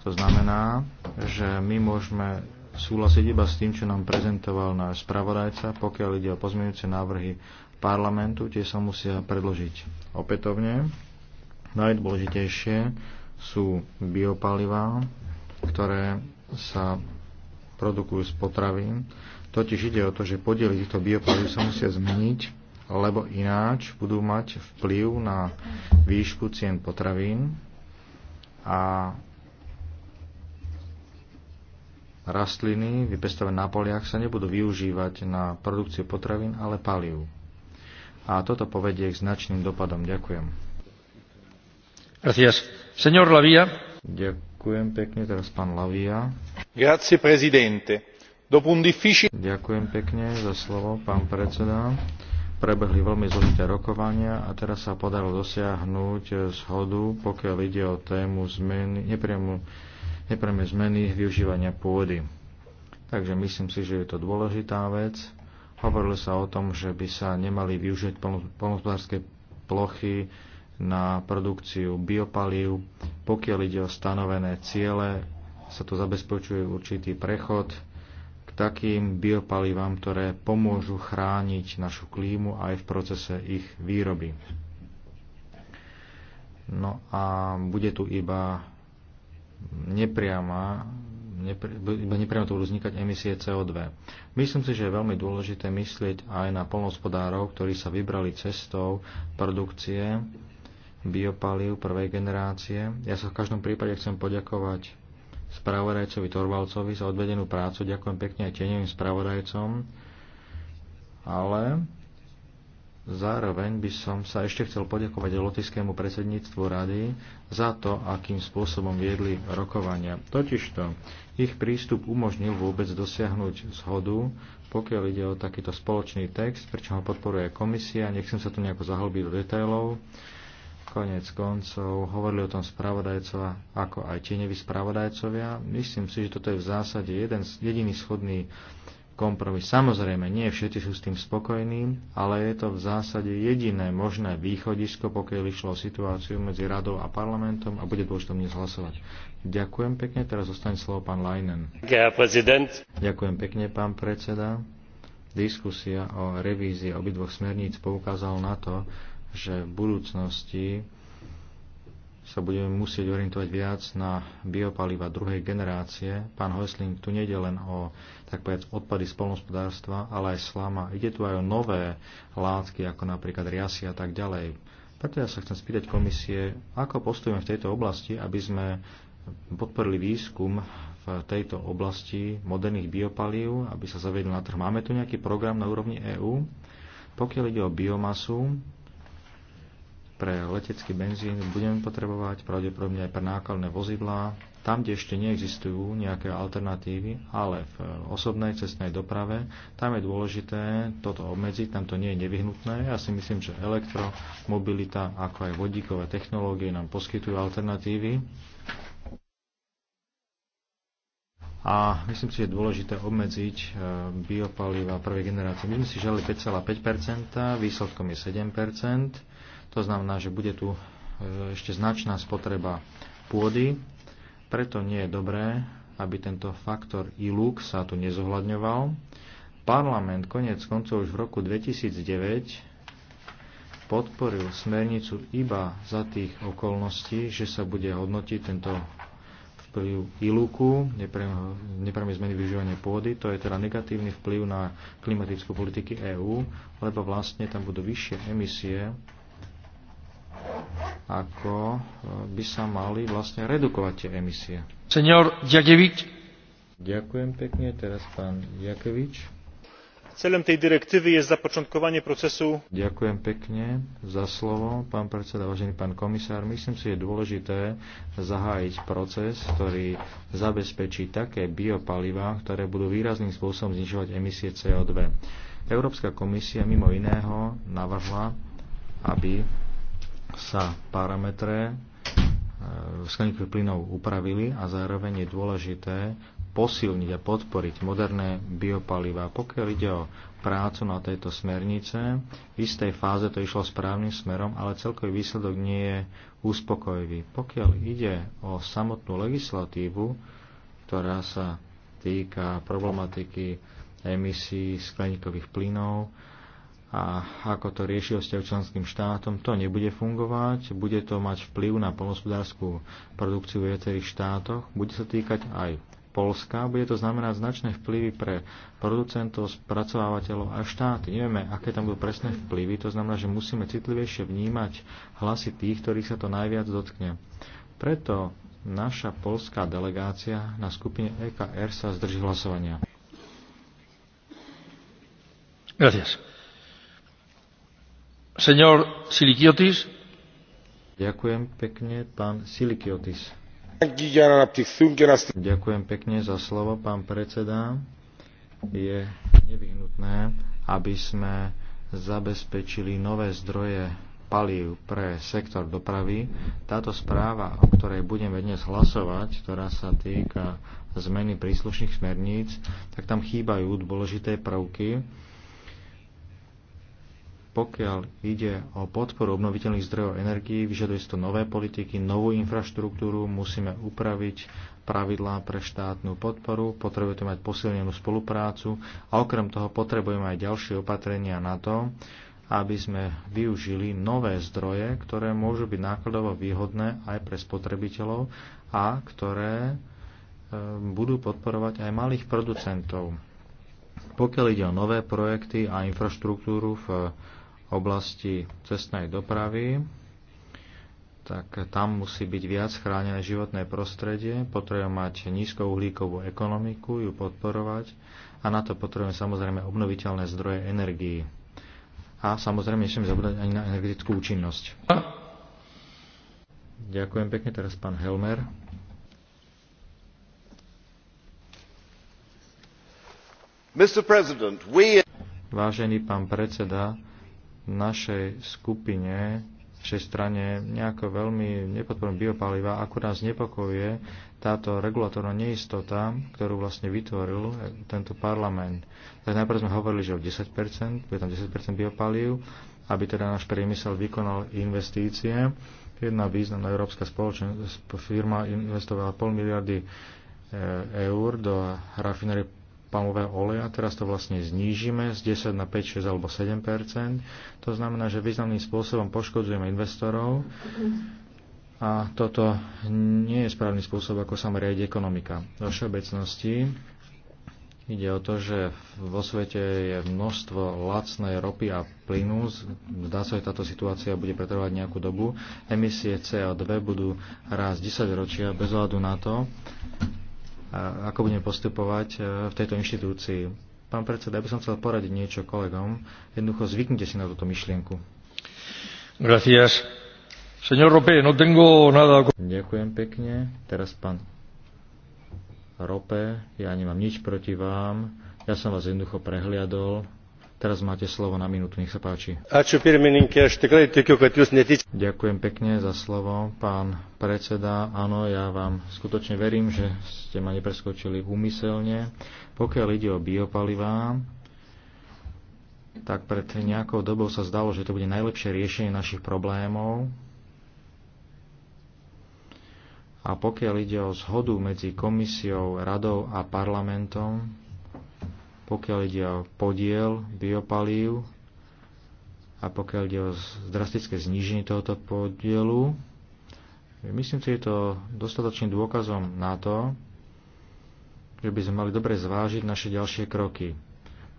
To znamená, že my môžeme súhlasiť iba s tým, čo nám prezentoval náš spravodajca, pokiaľ ide o pozmeňujúce návrhy parlamentu, tie sa musia predložiť opätovne. Najdôležitejšie sú biopalivá, ktoré sa produkujú z potravín. Totiž ide o to, že podiely týchto biopalív sa musia zmeniť, lebo ináč budú mať vplyv na výšku cien potravín a rastliny vypestované na poliach sa nebudú využívať na produkciu potravín, ale palív. A toto povedie k značným dopadom. Ďakujem. Gracias. Lavia. Ďakujem pekne, teraz pán Lavia. Grazie, Ďakujem pekne za slovo, pán predseda. Prebehli veľmi zložité rokovania a teraz sa podarilo dosiahnuť zhodu, pokiaľ ide o tému zmeny, nepriamu, nepriame zmeny využívania pôdy. Takže myslím si, že je to dôležitá vec. Hovorilo sa o tom, že by sa nemali využiť polnospodárske plochy na produkciu biopalív. Pokiaľ ide o stanovené ciele, sa tu zabezpečuje určitý prechod k takým biopalívam, ktoré pomôžu chrániť našu klímu aj v procese ich výroby. No a bude tu iba nepriama iba nepriamo tu budú vznikať emisie CO2. Myslím si, že je veľmi dôležité myslieť aj na polnospodárov, ktorí sa vybrali cestou produkcie biopalív prvej generácie. Ja sa v každom prípade chcem poďakovať spravodajcovi Torvalcovi za odvedenú prácu. Ďakujem pekne aj tieňovým spravodajcom. Ale zároveň by som sa ešte chcel poďakovať lotiskému predsedníctvu rady za to, akým spôsobom viedli rokovania. Totižto ich prístup umožnil vôbec dosiahnuť zhodu, pokiaľ ide o takýto spoločný text, prečo ho podporuje komisia. Nechcem sa tu nejako zahlbiť do detailov. Konec koncov hovorili o tom spravodajcova ako aj tieňoví spravodajcovia. Myslím si, že toto je v zásade jeden, jediný schodný kompromis. Samozrejme, nie všetci sú s tým spokojní, ale je to v zásade jediné možné východisko, pokiaľ išlo o situáciu medzi radou a parlamentom a bude dôležité mne zhlasovať. Ďakujem pekne, teraz zostane slovo pán Leinen. Ďakujem pekne, pán predseda. Diskusia o revízii obidvoch smerníc poukázala na to, že v budúcnosti sa budeme musieť orientovať viac na biopaliva druhej generácie. Pán Hoesling, tu nejde len o tak povedať, odpady spolnospodárstva, ale aj slama. Ide tu aj o nové látky, ako napríklad riasy a tak ďalej. Preto ja sa chcem spýtať komisie, ako postujeme v tejto oblasti, aby sme podporili výskum v tejto oblasti moderných biopalív, aby sa zavedli na trh. Máme tu nejaký program na úrovni EÚ? Pokiaľ ide o biomasu, pre letecký benzín budeme potrebovať, pravdepodobne aj pre nákladné vozidlá, tam, kde ešte neexistujú nejaké alternatívy, ale v osobnej cestnej doprave, tam je dôležité toto obmedziť, tam to nie je nevyhnutné. Ja si myslím, že elektromobilita, ako aj vodíkové technológie nám poskytujú alternatívy. A myslím si, že je dôležité obmedziť e, biopalíva prvej generácie. My sme si žali 5,5%, výsledkom je 7%. To znamená, že bude tu e, ešte značná spotreba pôdy, preto nie je dobré, aby tento faktor ILUK sa tu nezohľadňoval. Parlament konec koncov už v roku 2009 podporil smernicu iba za tých okolností, že sa bude hodnotiť tento vplyv iluku, nepriame zmeny využívania pôdy, to je teda negatívny vplyv na klimatickú politiky EÚ, lebo vlastne tam budú vyššie emisie ako e, by sa mali vlastne redukovať tie emisie. Senior Ďakevič. Ďakujem pekne, teraz pán Ďakevič. Celom tej direktívy je započiatkovanie procesu. Ďakujem pekne za slovo, pán predseda, vážený pán komisár. Myslím si, je dôležité zahájiť proces, ktorý zabezpečí také biopalivá, ktoré budú výrazným spôsobom znižovať emisie CO2. Európska komisia mimo iného navrhla, aby sa parametre e, skleníkových plynov upravili a zároveň je dôležité posilniť a podporiť moderné biopalivá. Pokiaľ ide o prácu na tejto smernice, v istej fáze to išlo správnym smerom, ale celkový výsledok nie je uspokojivý. Pokiaľ ide o samotnú legislatívu, ktorá sa týka problematiky emisí skleníkových plynov, a ako to riešil s členským štátom, to nebude fungovať, bude to mať vplyv na polnospodárskú produkciu v viacerých štátoch, bude sa týkať aj Polska, bude to znamenať značné vplyvy pre producentov, spracovávateľov a štáty. Nevieme, aké tam budú presné vplyvy, to znamená, že musíme citlivejšie vnímať hlasy tých, ktorých sa to najviac dotkne. Preto naša polská delegácia na skupine EKR sa zdrží hlasovania. Gracias. Silikiotis. Ďakujem pekne, pán Silikiotis. Ďakujem pekne za slovo, pán predseda. Je nevyhnutné, aby sme zabezpečili nové zdroje palív pre sektor dopravy. Táto správa, o ktorej budeme dnes hlasovať, ktorá sa týka zmeny príslušných smerníc, tak tam chýbajú dôležité prvky, pokiaľ ide o podporu obnoviteľných zdrojov energií, vyžaduje si to nové politiky, novú infraštruktúru, musíme upraviť pravidlá pre štátnu podporu, potrebujeme mať posilnenú spoluprácu a okrem toho potrebujeme aj ďalšie opatrenia na to, aby sme využili nové zdroje, ktoré môžu byť nákladovo výhodné aj pre spotrebiteľov a ktoré e, budú podporovať aj malých producentov. Pokiaľ ide o nové projekty a infraštruktúru v oblasti cestnej dopravy, tak tam musí byť viac chránené životné prostredie, potrebujeme mať nízkouhlíkovú ekonomiku, ju podporovať a na to potrebujeme samozrejme obnoviteľné zdroje energií. A samozrejme nesmieme zabúdať ani na energetickú účinnosť. Ďakujem pekne, teraz pán Helmer. Vážený pán predseda, našej skupine, našej strane nejako veľmi nepodporujem biopaliva, ako nás nepokojuje táto regulatórna neistota, ktorú vlastne vytvoril eh, tento parlament. Tak najprv sme hovorili, že o 10%, bude tam 10% biopaliv, aby teda náš priemysel vykonal investície. Jedna významná európska spoločnosť, firma investovala pol miliardy eh, eur do rafinerie palmového oleja, teraz to vlastne znížime z 10 na 5, 6 alebo 7 To znamená, že významným spôsobom poškodzujeme investorov a toto nie je správny spôsob, ako sa riadi ekonomika. Vo všeobecnosti ide o to, že vo svete je množstvo lacnej ropy a plynu. Zdá sa, že táto situácia bude pretrvať nejakú dobu. Emisie CO2 budú raz 10 ročia bez hľadu na to, ako budeme postupovať e, v tejto inštitúcii. Pán predseda, ja by som chcel poradiť niečo kolegom. Jednoducho zvyknite si na túto myšlienku. Gracias. Señor Rope, no tengo nada... Ďakujem pekne. Teraz pán Rope, ja nemám nič proti vám. Ja som vás jednoducho prehliadol. Teraz máte slovo na minútu, nech sa páči. Ďakujem pekne za slovo, pán predseda. Áno, ja vám skutočne verím, že ste ma nepreskočili úmyselne. Pokiaľ ide o biopalivá, tak pred nejakou dobou sa zdalo, že to bude najlepšie riešenie našich problémov. A pokiaľ ide o zhodu medzi komisiou, radou a parlamentom, pokiaľ ide o podiel biopalív a pokiaľ ide o drastické zníženie tohoto podielu. Myslím si, že je to dostatočným dôkazom na to, že by sme mali dobre zvážiť naše ďalšie kroky.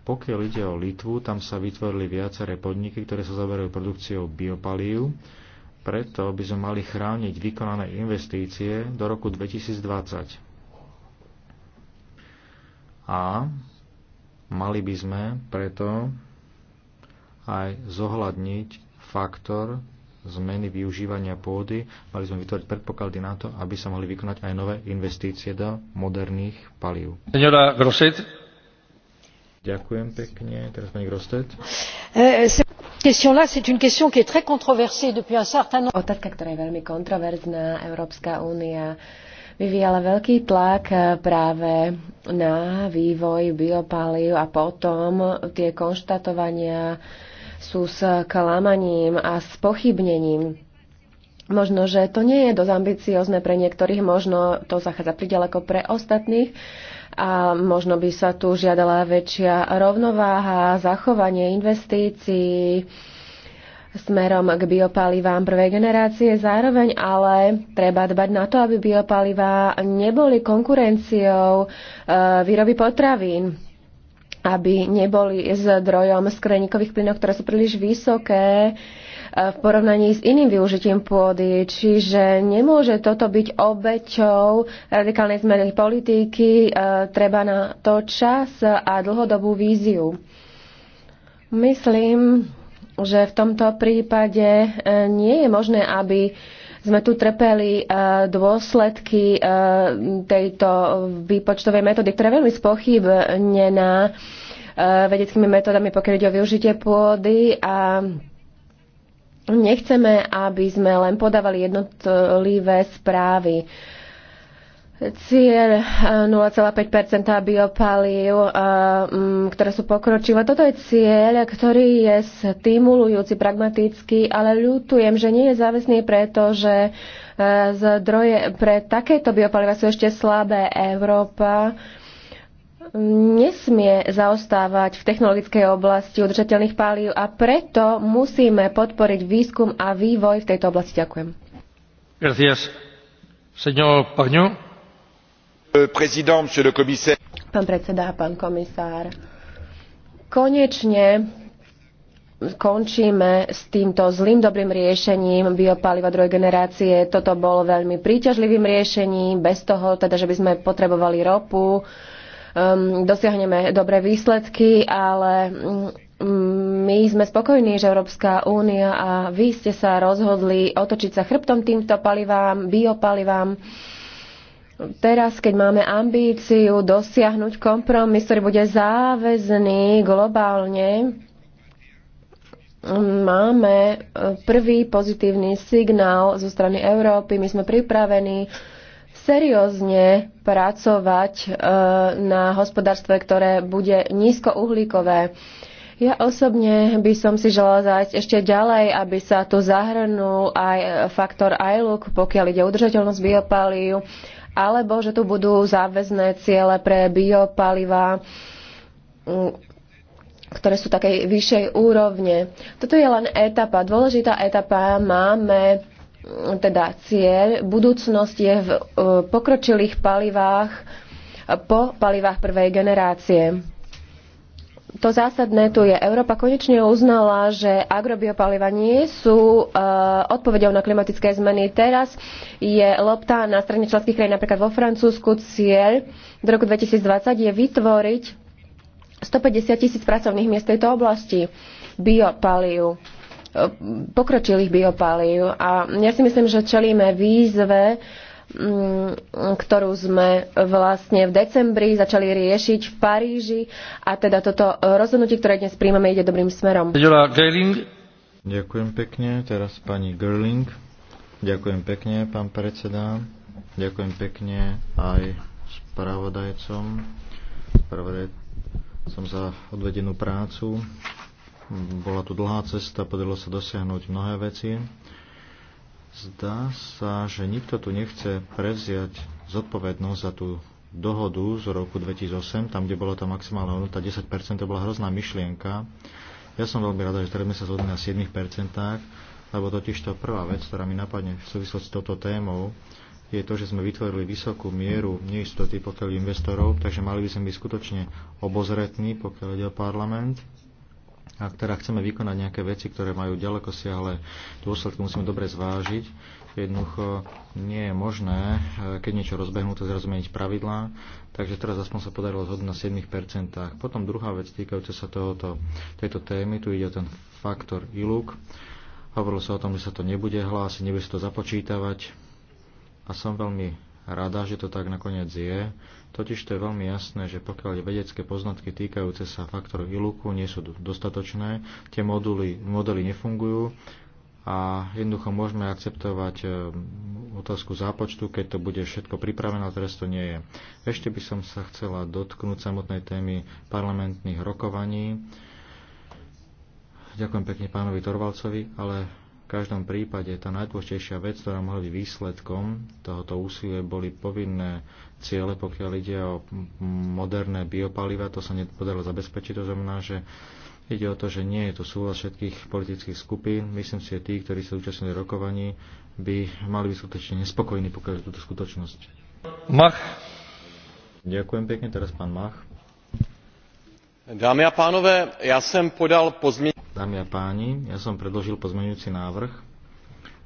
Pokiaľ ide o Litvu, tam sa vytvorili viaceré podniky, ktoré sa zaberajú produkciou biopalív, preto by sme mali chrániť vykonané investície do roku 2020. A Mali by sme preto aj zohľadniť faktor zmeny využívania pôdy. Mali sme vytvoriť predpoklady na to, aby sa mohli vykonať aj nové investície do moderných palív. Ďakujem pekne. Teraz pani Grostet. Eh, eh, Otázka, ktorá je veľmi kontroverzná. Európska únia vyvíjala veľký tlak eh, práve na vývoj biopalív a potom tie konštatovania sú s klamaním a s pochybnením. Možno, že to nie je dosť ambiciozne pre niektorých, možno to zachádza priďaleko pre ostatných a možno by sa tu žiadala väčšia rovnováha, zachovanie investícií, smerom k biopalivám prvej generácie zároveň, ale treba dbať na to, aby biopalivá neboli konkurenciou e, výroby potravín aby neboli zdrojom skleníkových plynov, ktoré sú príliš vysoké e, v porovnaní s iným využitím pôdy. Čiže nemôže toto byť obeťou radikálnej zmeny politiky. E, treba na to čas a dlhodobú víziu. Myslím, že v tomto prípade e, nie je možné, aby sme tu trpeli e, dôsledky e, tejto výpočtovej metódy, ktorá je veľmi spochybnená vedeckými metódami, pokiaľ ide o využitie pôdy a nechceme, aby sme len podávali jednotlivé správy cieľ 0,5 e, biopalív, e, ktoré sú pokročilé. Toto je cieľ, ktorý je stimulujúci, pragmatický, ale ľutujem, že nie je záväzný, pretože e, zdroje pre takéto biopaliva sú ešte slabé. Európa nesmie zaostávať v technologickej oblasti udržateľných palív a preto musíme podporiť výskum a vývoj v tejto oblasti. Ďakujem. Gracias. Señor Pagno. Euh, pán predseda, pán komisár, konečne končíme s týmto zlým dobrým riešením biopaliva druhej generácie. Toto bolo veľmi príťažlivým riešením, bez toho, teda, že by sme potrebovali ropu. Um, dosiahneme dobré výsledky, ale mm, mm, my sme spokojní, že Európska únia a vy ste sa rozhodli otočiť sa chrbtom týmto palivám, biopalivám Teraz, keď máme ambíciu dosiahnuť kompromis, ktorý bude záväzný globálne, máme eh, prvý pozitívny signál zo strany Európy. My sme pripravení seriózne pracovať eh, na hospodárstve, ktoré bude nízkouhlíkové. Ja osobne by som si želala zájsť ešte ďalej, aby sa tu zahrnul aj faktor ILUK, pokiaľ ide o udržateľnosť biopalív alebo že tu budú záväzné ciele pre biopaliva, mm, ktoré sú takej vyššej úrovne. Toto je len etapa, dôležitá etapa. Máme mm, teda cieľ, budúcnosti je v e, pokročilých palivách po palivách prvej generácie to zásadné tu je, Európa konečne uznala, že agrobiopaliva nie sú uh, odpovedou na klimatické zmeny. Teraz je lopta na strane členských krajín, napríklad vo Francúzsku, cieľ do roku 2020 je vytvoriť 150 tisíc pracovných miest v tejto oblasti biopaliu eh, pokročilých biopalív. A ja si myslím, že čelíme výzve, Mm, ktorú sme vlastne v decembri začali riešiť v Paríži a teda toto rozhodnutie, ktoré dnes príjmame, ide dobrým smerom. Ďakujem pekne. Teraz pani Gerling. Ďakujem pekne, pán predseda. Ďakujem pekne aj spravodajcom. Spravodajcom za odvedenú prácu. Bola tu dlhá cesta, podarilo sa dosiahnuť mnohé veci. Zdá sa, že nikto tu nechce prevziať zodpovednosť za tú dohodu z roku 2008, tam, kde bola tá maximálna hodnota 10%, to bola hrozná myšlienka. Ja som veľmi rada, že teraz sme sa zhodli na 7%, lebo totiž to prvá vec, ktorá mi napadne v súvislosti s touto témou, je to, že sme vytvorili vysokú mieru neistoty pokiaľ investorov, takže mali by sme byť skutočne obozretní, pokiaľ ide o parlament ak teda chceme vykonať nejaké veci, ktoré majú ďaleko siahle dôsledky, musíme dobre zvážiť. Jednoducho nie je možné, e, keď niečo rozbehnú, to zrozumieť pravidlá, takže teraz aspoň sa podarilo zhodnúť na 7%. Potom druhá vec týkajúca sa tohoto, tejto témy, tu ide o ten faktor ILUK. Hovorilo sa o tom, že sa to nebude hlásiť, nebude sa to započítavať a som veľmi rada, že to tak nakoniec je, Totiž to je veľmi jasné, že pokiaľ vedecké poznatky týkajúce sa faktorov iluku nie sú dostatočné, tie moduly, modely nefungujú a jednoducho môžeme akceptovať e, otázku zápočtu, keď to bude všetko pripravené, teraz to nie je. Ešte by som sa chcela dotknúť samotnej témy parlamentných rokovaní. Ďakujem pekne pánovi Torvalcovi, ale v každom prípade tá najdôležitejšia vec, ktorá mohla byť výsledkom tohoto úsilie, boli povinné ciele, pokiaľ ide o moderné biopaliva. To sa nepodarilo zabezpečiť. To znamená, že ide o to, že nie je tu súhlas všetkých politických skupín. Myslím si, že tí, ktorí sa účastnili rokovaní, by mali byť skutočne nespokojní, pokiaľ je túto skutočnosť. Mach. Ďakujem pekne, teraz pán Mach. Dámy a pánové, ja som podal pozmienku Dámy a páni, ja som predložil pozmeňujúci návrh,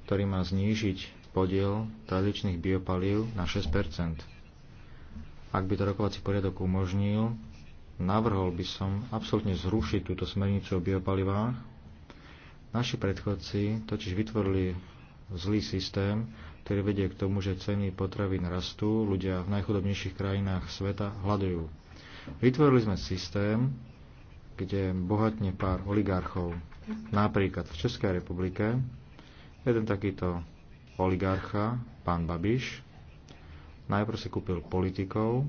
ktorý má znížiť podiel tradičných biopalív na 6 Ak by to rokovací poriadok umožnil, navrhol by som absolútne zrušiť túto smernicu o biopalivách. Naši predchodci totiž vytvorili zlý systém, ktorý vedie k tomu, že ceny potravín rastú, ľudia v najchudobnejších krajinách sveta hľadujú. Vytvorili sme systém, kde bohatne pár oligarchov. Napríklad v Českej republike jeden takýto oligarcha, pán Babiš, najprv si kúpil politikov,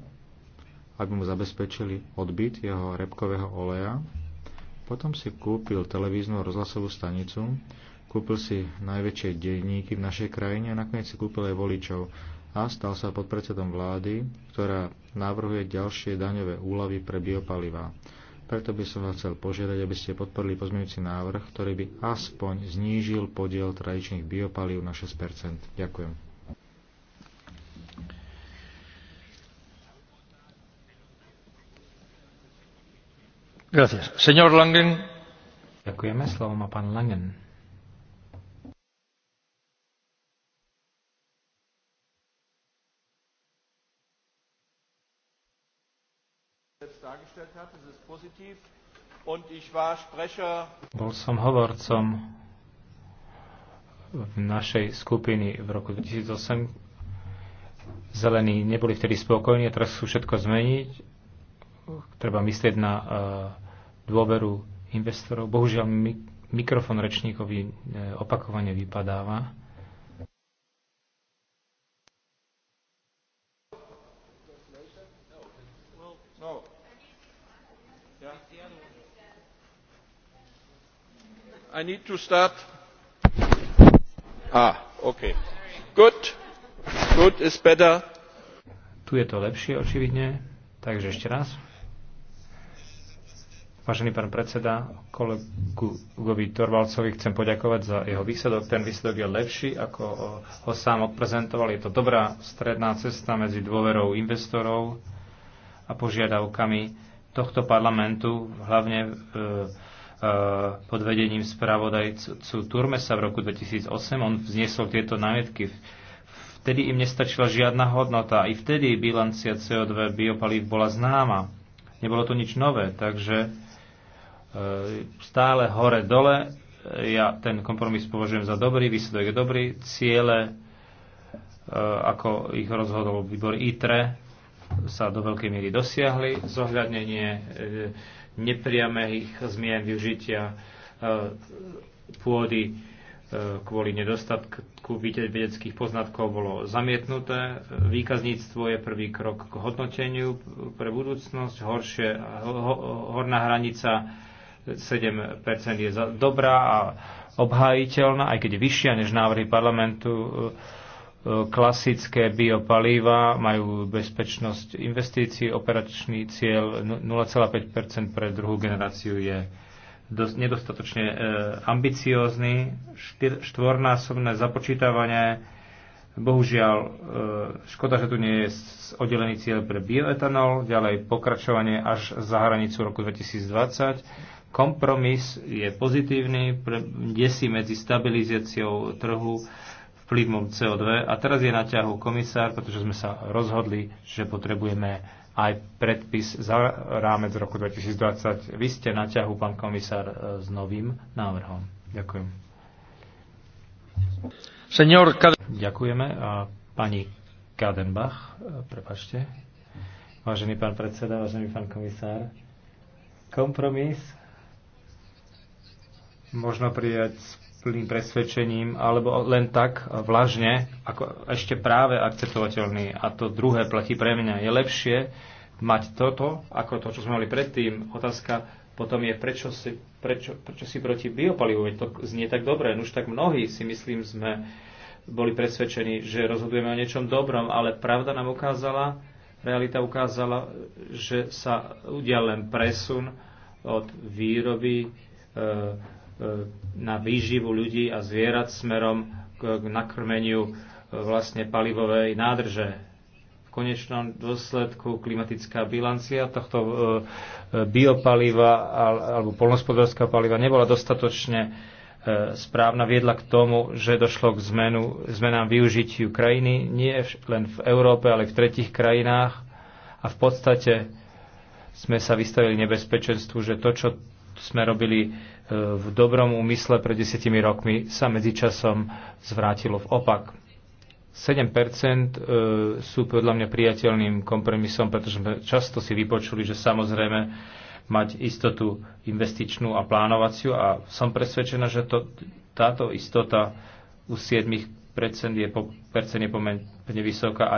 aby mu zabezpečili odbyt jeho repkového oleja, potom si kúpil televíznu rozhlasovú stanicu, kúpil si najväčšie dejníky v našej krajine a nakoniec si kúpil aj voličov a stal sa podpredsedom vlády, ktorá navrhuje ďalšie daňové úlavy pre biopalivá. Preto by som vás chcel požiadať, aby ste podporili pozmeňujúci návrh, ktorý by aspoň znížil podiel tradičných biopalív na 6 Ďakujem. Gracias. Señor Langen. Ďakujeme. Slovo má pán Langen. Bol som hovorcom v našej skupiny v roku 2008. Zelení neboli vtedy spokojní a teraz chcú všetko zmeniť. Treba myslieť na e, dôveru investorov. Bohužiaľ, mikrofon rečníkovi e, opakovane vypadáva. I need to start. Ah, okay. Good. Good is better. Tu je to lepšie, očividne. Takže ešte raz. Vážený pán predseda, kolegu Ugovi Torvalcovi chcem poďakovať za jeho výsledok. Ten výsledok je lepší, ako ho sám odprezentoval. Je to dobrá stredná cesta medzi dôverou investorov a požiadavkami tohto parlamentu, hlavne e, Eh, pod vedením spravodajcu Turmesa v roku 2008. On vzniesol tieto námietky. Vtedy im nestačila žiadna hodnota. I vtedy bilancia CO2 biopalív bola známa. Nebolo to nič nové, takže eh, stále hore-dole. Eh, ja ten kompromis považujem za dobrý, výsledok je dobrý. Ciele, ako ich rozhodol výbor ITRE, sa do veľkej miery dosiahli. Zohľadnenie nepriamých zmien využitia e, pôdy e, kvôli nedostatku vedeckých poznatkov bolo zamietnuté. Výkazníctvo je prvý krok k hodnoteniu pre budúcnosť. Horšie, ho, horná hranica 7% je dobrá a obhájiteľná, aj keď je vyššia než návrhy parlamentu e, klasické biopalíva majú bezpečnosť investícií, operačný cieľ 0,5 pre druhú generáciu je dosť nedostatočne e, ambiciózny, štvornásobné započítavanie, bohužiaľ e, škoda, že tu nie je oddelený cieľ pre bioetanol, ďalej pokračovanie až za hranicu roku 2020, kompromis je pozitívny, desí medzi stabilizáciou trhu vplyvom CO2 a teraz je na ťahu komisár, pretože sme sa rozhodli, že potrebujeme aj predpis za rámec roku 2020. Vy ste na ťahu, pán komisár, e, s novým návrhom. Ďakujem. Senior Ďakujeme. A pani Kadenbach, e, prepačte. Vážený pán predseda, vážený pán komisár, kompromis možno prijať plným presvedčením, alebo len tak e, vlažne, ako ešte práve akceptovateľný. A to druhé platí pre mňa. Je lepšie mať toto, ako to, čo sme mali predtým. Otázka potom je, prečo si, prečo, prečo si proti biopalivu, veď to znie tak dobre. No už tak mnohí si myslím sme boli presvedčení, že rozhodujeme o niečom dobrom, ale pravda nám ukázala, realita ukázala, že sa udial len presun od výroby e, E, na výživu ľudí a zvierat smerom k nakrmeniu e, vlastne palivovej nádrže. V konečnom dôsledku klimatická bilancia tohto e, biopaliva alebo polnospodárskeho paliva nebola dostatočne správna viedla k tomu, že došlo k zmenu, zmenám využitiu krajiny nie len v Európe, ale aj v tretich krajinách a v podstate sme sa vystavili nebezpečenstvu, že to, čo sme robili v dobrom úmysle pred desiatimi rokmi sa medzičasom zvrátilo v opak. 7% e, sú podľa mňa priateľným kompromisom, pretože sme často si vypočuli, že samozrejme mať istotu investičnú a plánovaciu a som presvedčená, že to, táto istota u 7% je, po, je pomerne vysoká a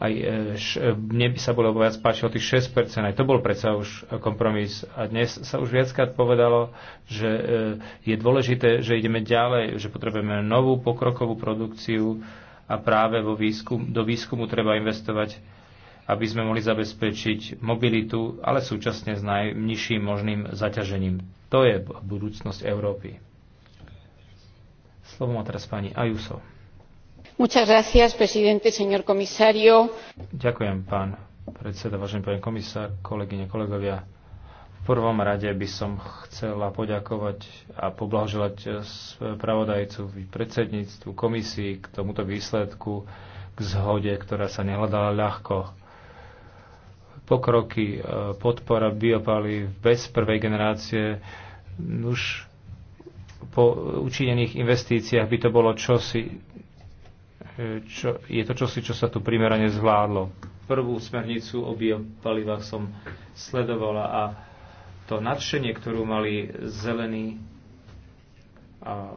aj e, e, mne by sa bolo viac páčilo tých 6%, aj to bol predsa už kompromis. A dnes sa už viackrát povedalo, že e, je dôležité, že ideme ďalej, že potrebujeme novú pokrokovú produkciu a práve vo výskum, do výskumu treba investovať, aby sme mohli zabezpečiť mobilitu, ale súčasne s najnižším možným zaťažením. To je budúcnosť Európy. Slovo má teraz pani Ajuso. Ďakujem, pán predseda, vážený pán komisár, kolegyne, kolegovia. V prvom rade by som chcela poďakovať a poblahoželať spravodajcu predsedníctvu komisii k tomuto výsledku, k zhode, ktorá sa nehľadala ľahko. Pokroky, e, podpora biopaly bez prvej generácie, už po učinených investíciách by to bolo čosi, čo, je to čosi, čo sa tu primerane zvládlo. Prvú smernicu o biopalivách som sledovala a to nadšenie, ktorú mali zelení a e,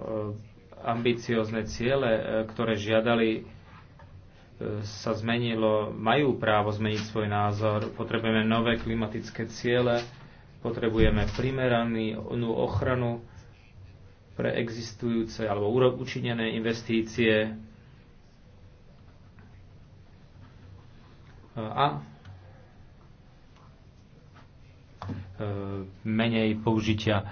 ambiciozne ciele, e, ktoré žiadali, e, sa zmenilo, majú právo zmeniť svoj názor, potrebujeme nové klimatické ciele, potrebujeme primeranú ochranu pre existujúce alebo učinené investície, a e, menej použitia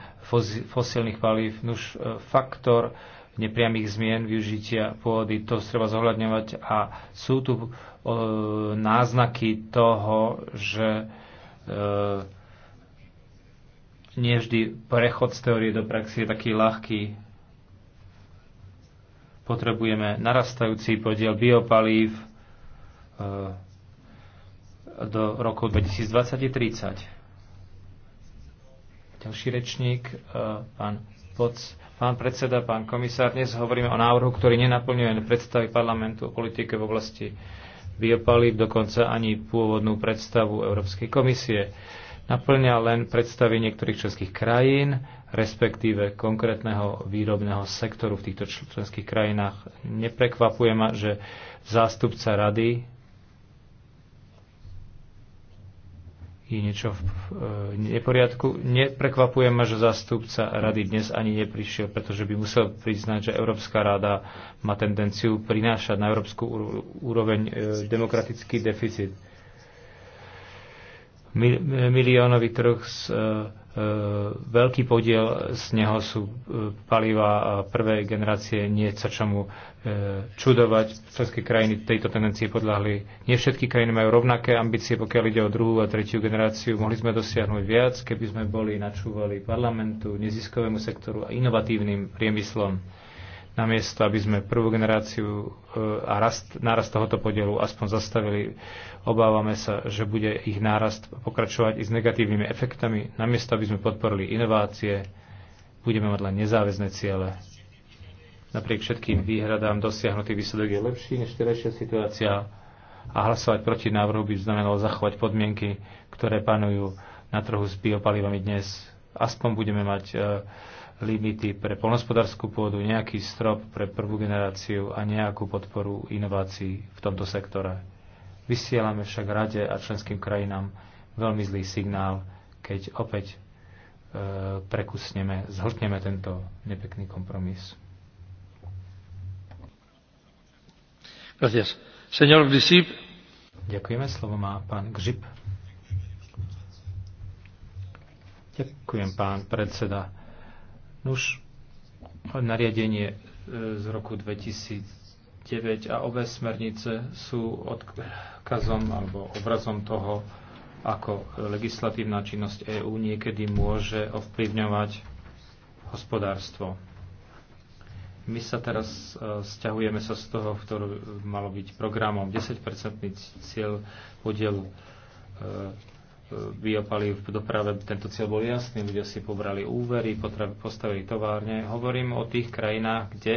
fosílnych palív. Nuž e, faktor nepriamých zmien využitia pôdy, to treba zohľadňovať a sú tu e, náznaky toho, že nevždy prechod z teórie do praxie je taký ľahký. Potrebujeme narastajúci podiel biopalív, do roku 2020-30. Ďalší rečník, e, pán Poc. Pán predseda, pán komisár, dnes hovoríme o návrhu, ktorý nenaplňuje predstavy parlamentu o politike v oblasti biopalív, dokonca ani pôvodnú predstavu Európskej komisie. Naplňa len predstavy niektorých členských krajín, respektíve konkrétneho výrobného sektoru v týchto členských krajinách. Neprekvapuje ma, že zástupca rady je niečo v neporiadku. Neprekvapuje ma, že zástupca rady dnes ani neprišiel, pretože by musel priznať, že Európska rada má tendenciu prinášať na európsku úroveň e, demokratický deficit miliónový trh s e, e, veľký podiel z neho sú e, paliva prvej generácie, nie sa čomu čudovať. Členské krajiny tejto tendencie podľahli. Nie všetky krajiny majú rovnaké ambície, pokiaľ ide o druhú a tretiu generáciu. Mohli sme dosiahnuť viac, keby sme boli načúvali parlamentu, neziskovému sektoru a inovatívnym priemyslom namiesto aby sme prvú generáciu e, a rast, nárast tohoto podielu aspoň zastavili, obávame sa, že bude ich nárast pokračovať i s negatívnymi efektami. Namiesto aby sme podporili inovácie, budeme mať len nezáväzne ciele. Napriek všetkým výhradám dosiahnutý výsledok je lepší než terajšia situácia a hlasovať proti návrhu by znamenalo zachovať podmienky, ktoré panujú na trhu s biopalivami dnes. Aspoň budeme mať uh, limity pre polnospodárskú pôdu, nejaký strop pre prvú generáciu a nejakú podporu inovácií v tomto sektore. Vysielame však rade a členským krajinám veľmi zlý signál, keď opäť e, prekusneme, zhltneme tento nepekný kompromis. Gracias. Señor Grisip. Ďakujeme, slovo má pán Gžip. Ďakujem, pán predseda Nuž, nariadenie e, z roku 2009 a obe smernice sú odkazom alebo obrazom toho, ako legislatívna činnosť EÚ niekedy môže ovplyvňovať hospodárstvo. My sa teraz stiahujeme e, sa z toho, ktorý malo byť programom 10-percentný cieľ podielu e, biopalív v doprave tento cieľ bol jasný, ľudia si pobrali úvery, postavili továrne. Hovorím o tých krajinách, kde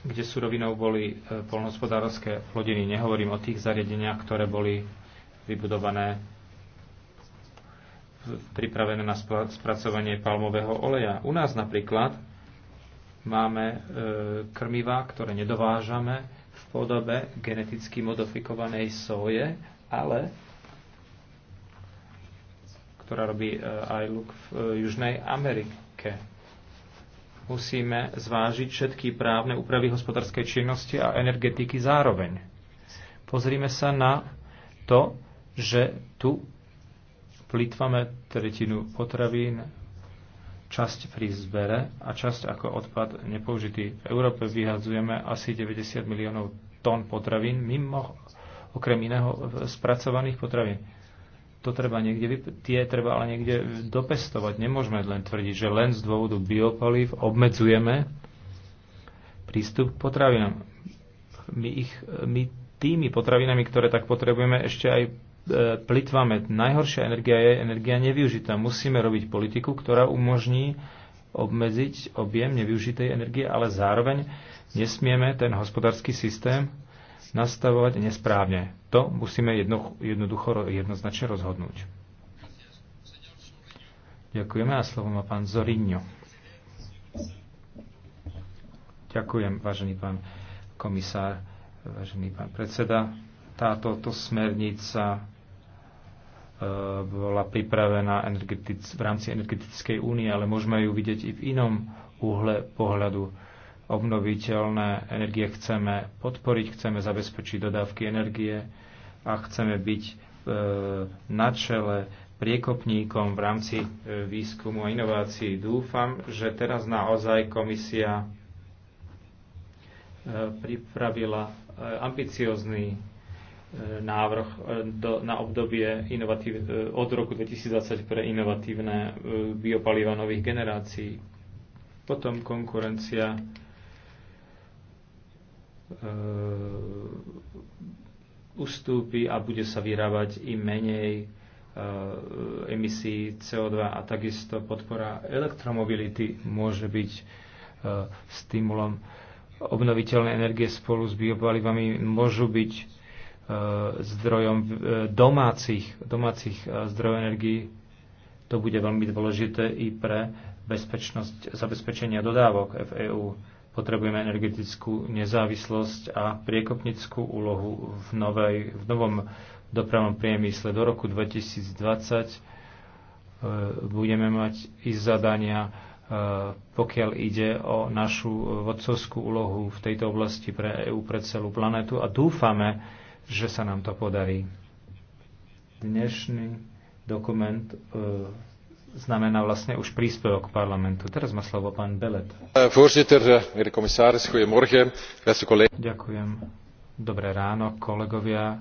kde surovinou boli e, polnohospodárske plodiny. Nehovorím o tých zariadeniach, ktoré boli vybudované pripravené na spracovanie palmového oleja. U nás napríklad máme e, krmivá, ktoré nedovážame, v podobe geneticky modifikovanej soje, ale ktorá robí e, luk v e, Južnej Amerike. Musíme zvážiť všetky právne úpravy hospodárskej činnosti a energetiky zároveň. Pozrime sa na to, že tu plýtvame tretinu potravín, časť pri zbere a časť ako odpad nepoužitý. V Európe vyhadzujeme asi 90 miliónov tón potravín, mimo okrem iného spracovaných potravín. To treba niekde, tie treba ale niekde dopestovať. Nemôžeme len tvrdiť, že len z dôvodu biopalív obmedzujeme prístup k potravinám. My, ich, my tými potravinami, ktoré tak potrebujeme, ešte aj E, plitváme. Najhoršia energia je energia nevyužitá. Musíme robiť politiku, ktorá umožní obmedziť objem nevyužitej energie, ale zároveň nesmieme ten hospodársky systém nastavovať nesprávne. To musíme jedno, jednoducho jednoznačne rozhodnúť. Ďakujeme a slovo má pán Zorinho. Ďakujem, vážený pán komisár, vážený pán predseda. Táto to smernica Eh, bola pripravená v rámci energetickej únie, ale môžeme ju vidieť i v inom úhle pohľadu. Obnoviteľné energie chceme podporiť, chceme zabezpečiť dodávky energie a chceme byť eh, na čele priekopníkom v rámci eh, výskumu a inovácií. Dúfam, že teraz naozaj komisia pripravila ambiciozný E, návrh e, do, na obdobie inovatív, e, od roku 2020 pre inovatívne biopaliva nových generácií. Potom konkurencia ustúpi a bude sa vyrábať i menej emisí CO2 a takisto podpora elektromobility môže byť stimulom. Obnoviteľné energie spolu s biopalivami môžu byť E, zdrojom e, domácich, domácich e, zdrojov energii. To bude veľmi dôležité i pre bezpečnosť zabezpečenia dodávok v EÚ. Potrebujeme energetickú nezávislosť a priekopnickú úlohu v, novej, v novom dopravnom priemysle. Do roku 2020 budeme mať i zadania, pokiaľ ide o našu vodcovskú úlohu v tejto oblasti pre EÚ, pre celú planetu a dúfame, že sa nám to podarí. Dnešný dokument e, znamená vlastne už príspevok parlamentu. Teraz má slovo pán Belet. E, e, Ďakujem. Dobré ráno, kolegovia.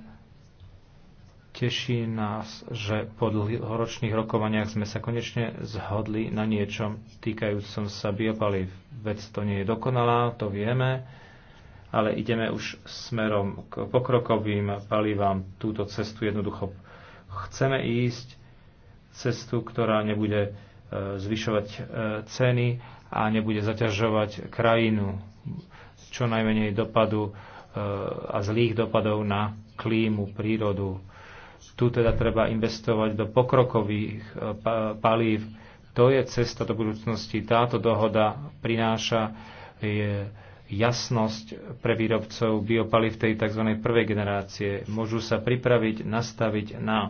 Teší nás, že po dlhoročných rokovaniach sme sa konečne zhodli na niečom týkajúcom sa biopalív. Vec to nie je dokonalá, to vieme ale ideme už smerom k pokrokovým palivám. Túto cestu jednoducho chceme ísť, cestu, ktorá nebude e, zvyšovať e, ceny a nebude zaťažovať krajinu čo najmenej dopadu e, a zlých dopadov na klímu, prírodu. Tu teda treba investovať do pokrokových palív. To je cesta do budúcnosti. Táto dohoda prináša je, jasnosť pre výrobcov biopaliv tej tzv. prvej generácie. Môžu sa pripraviť, nastaviť na e,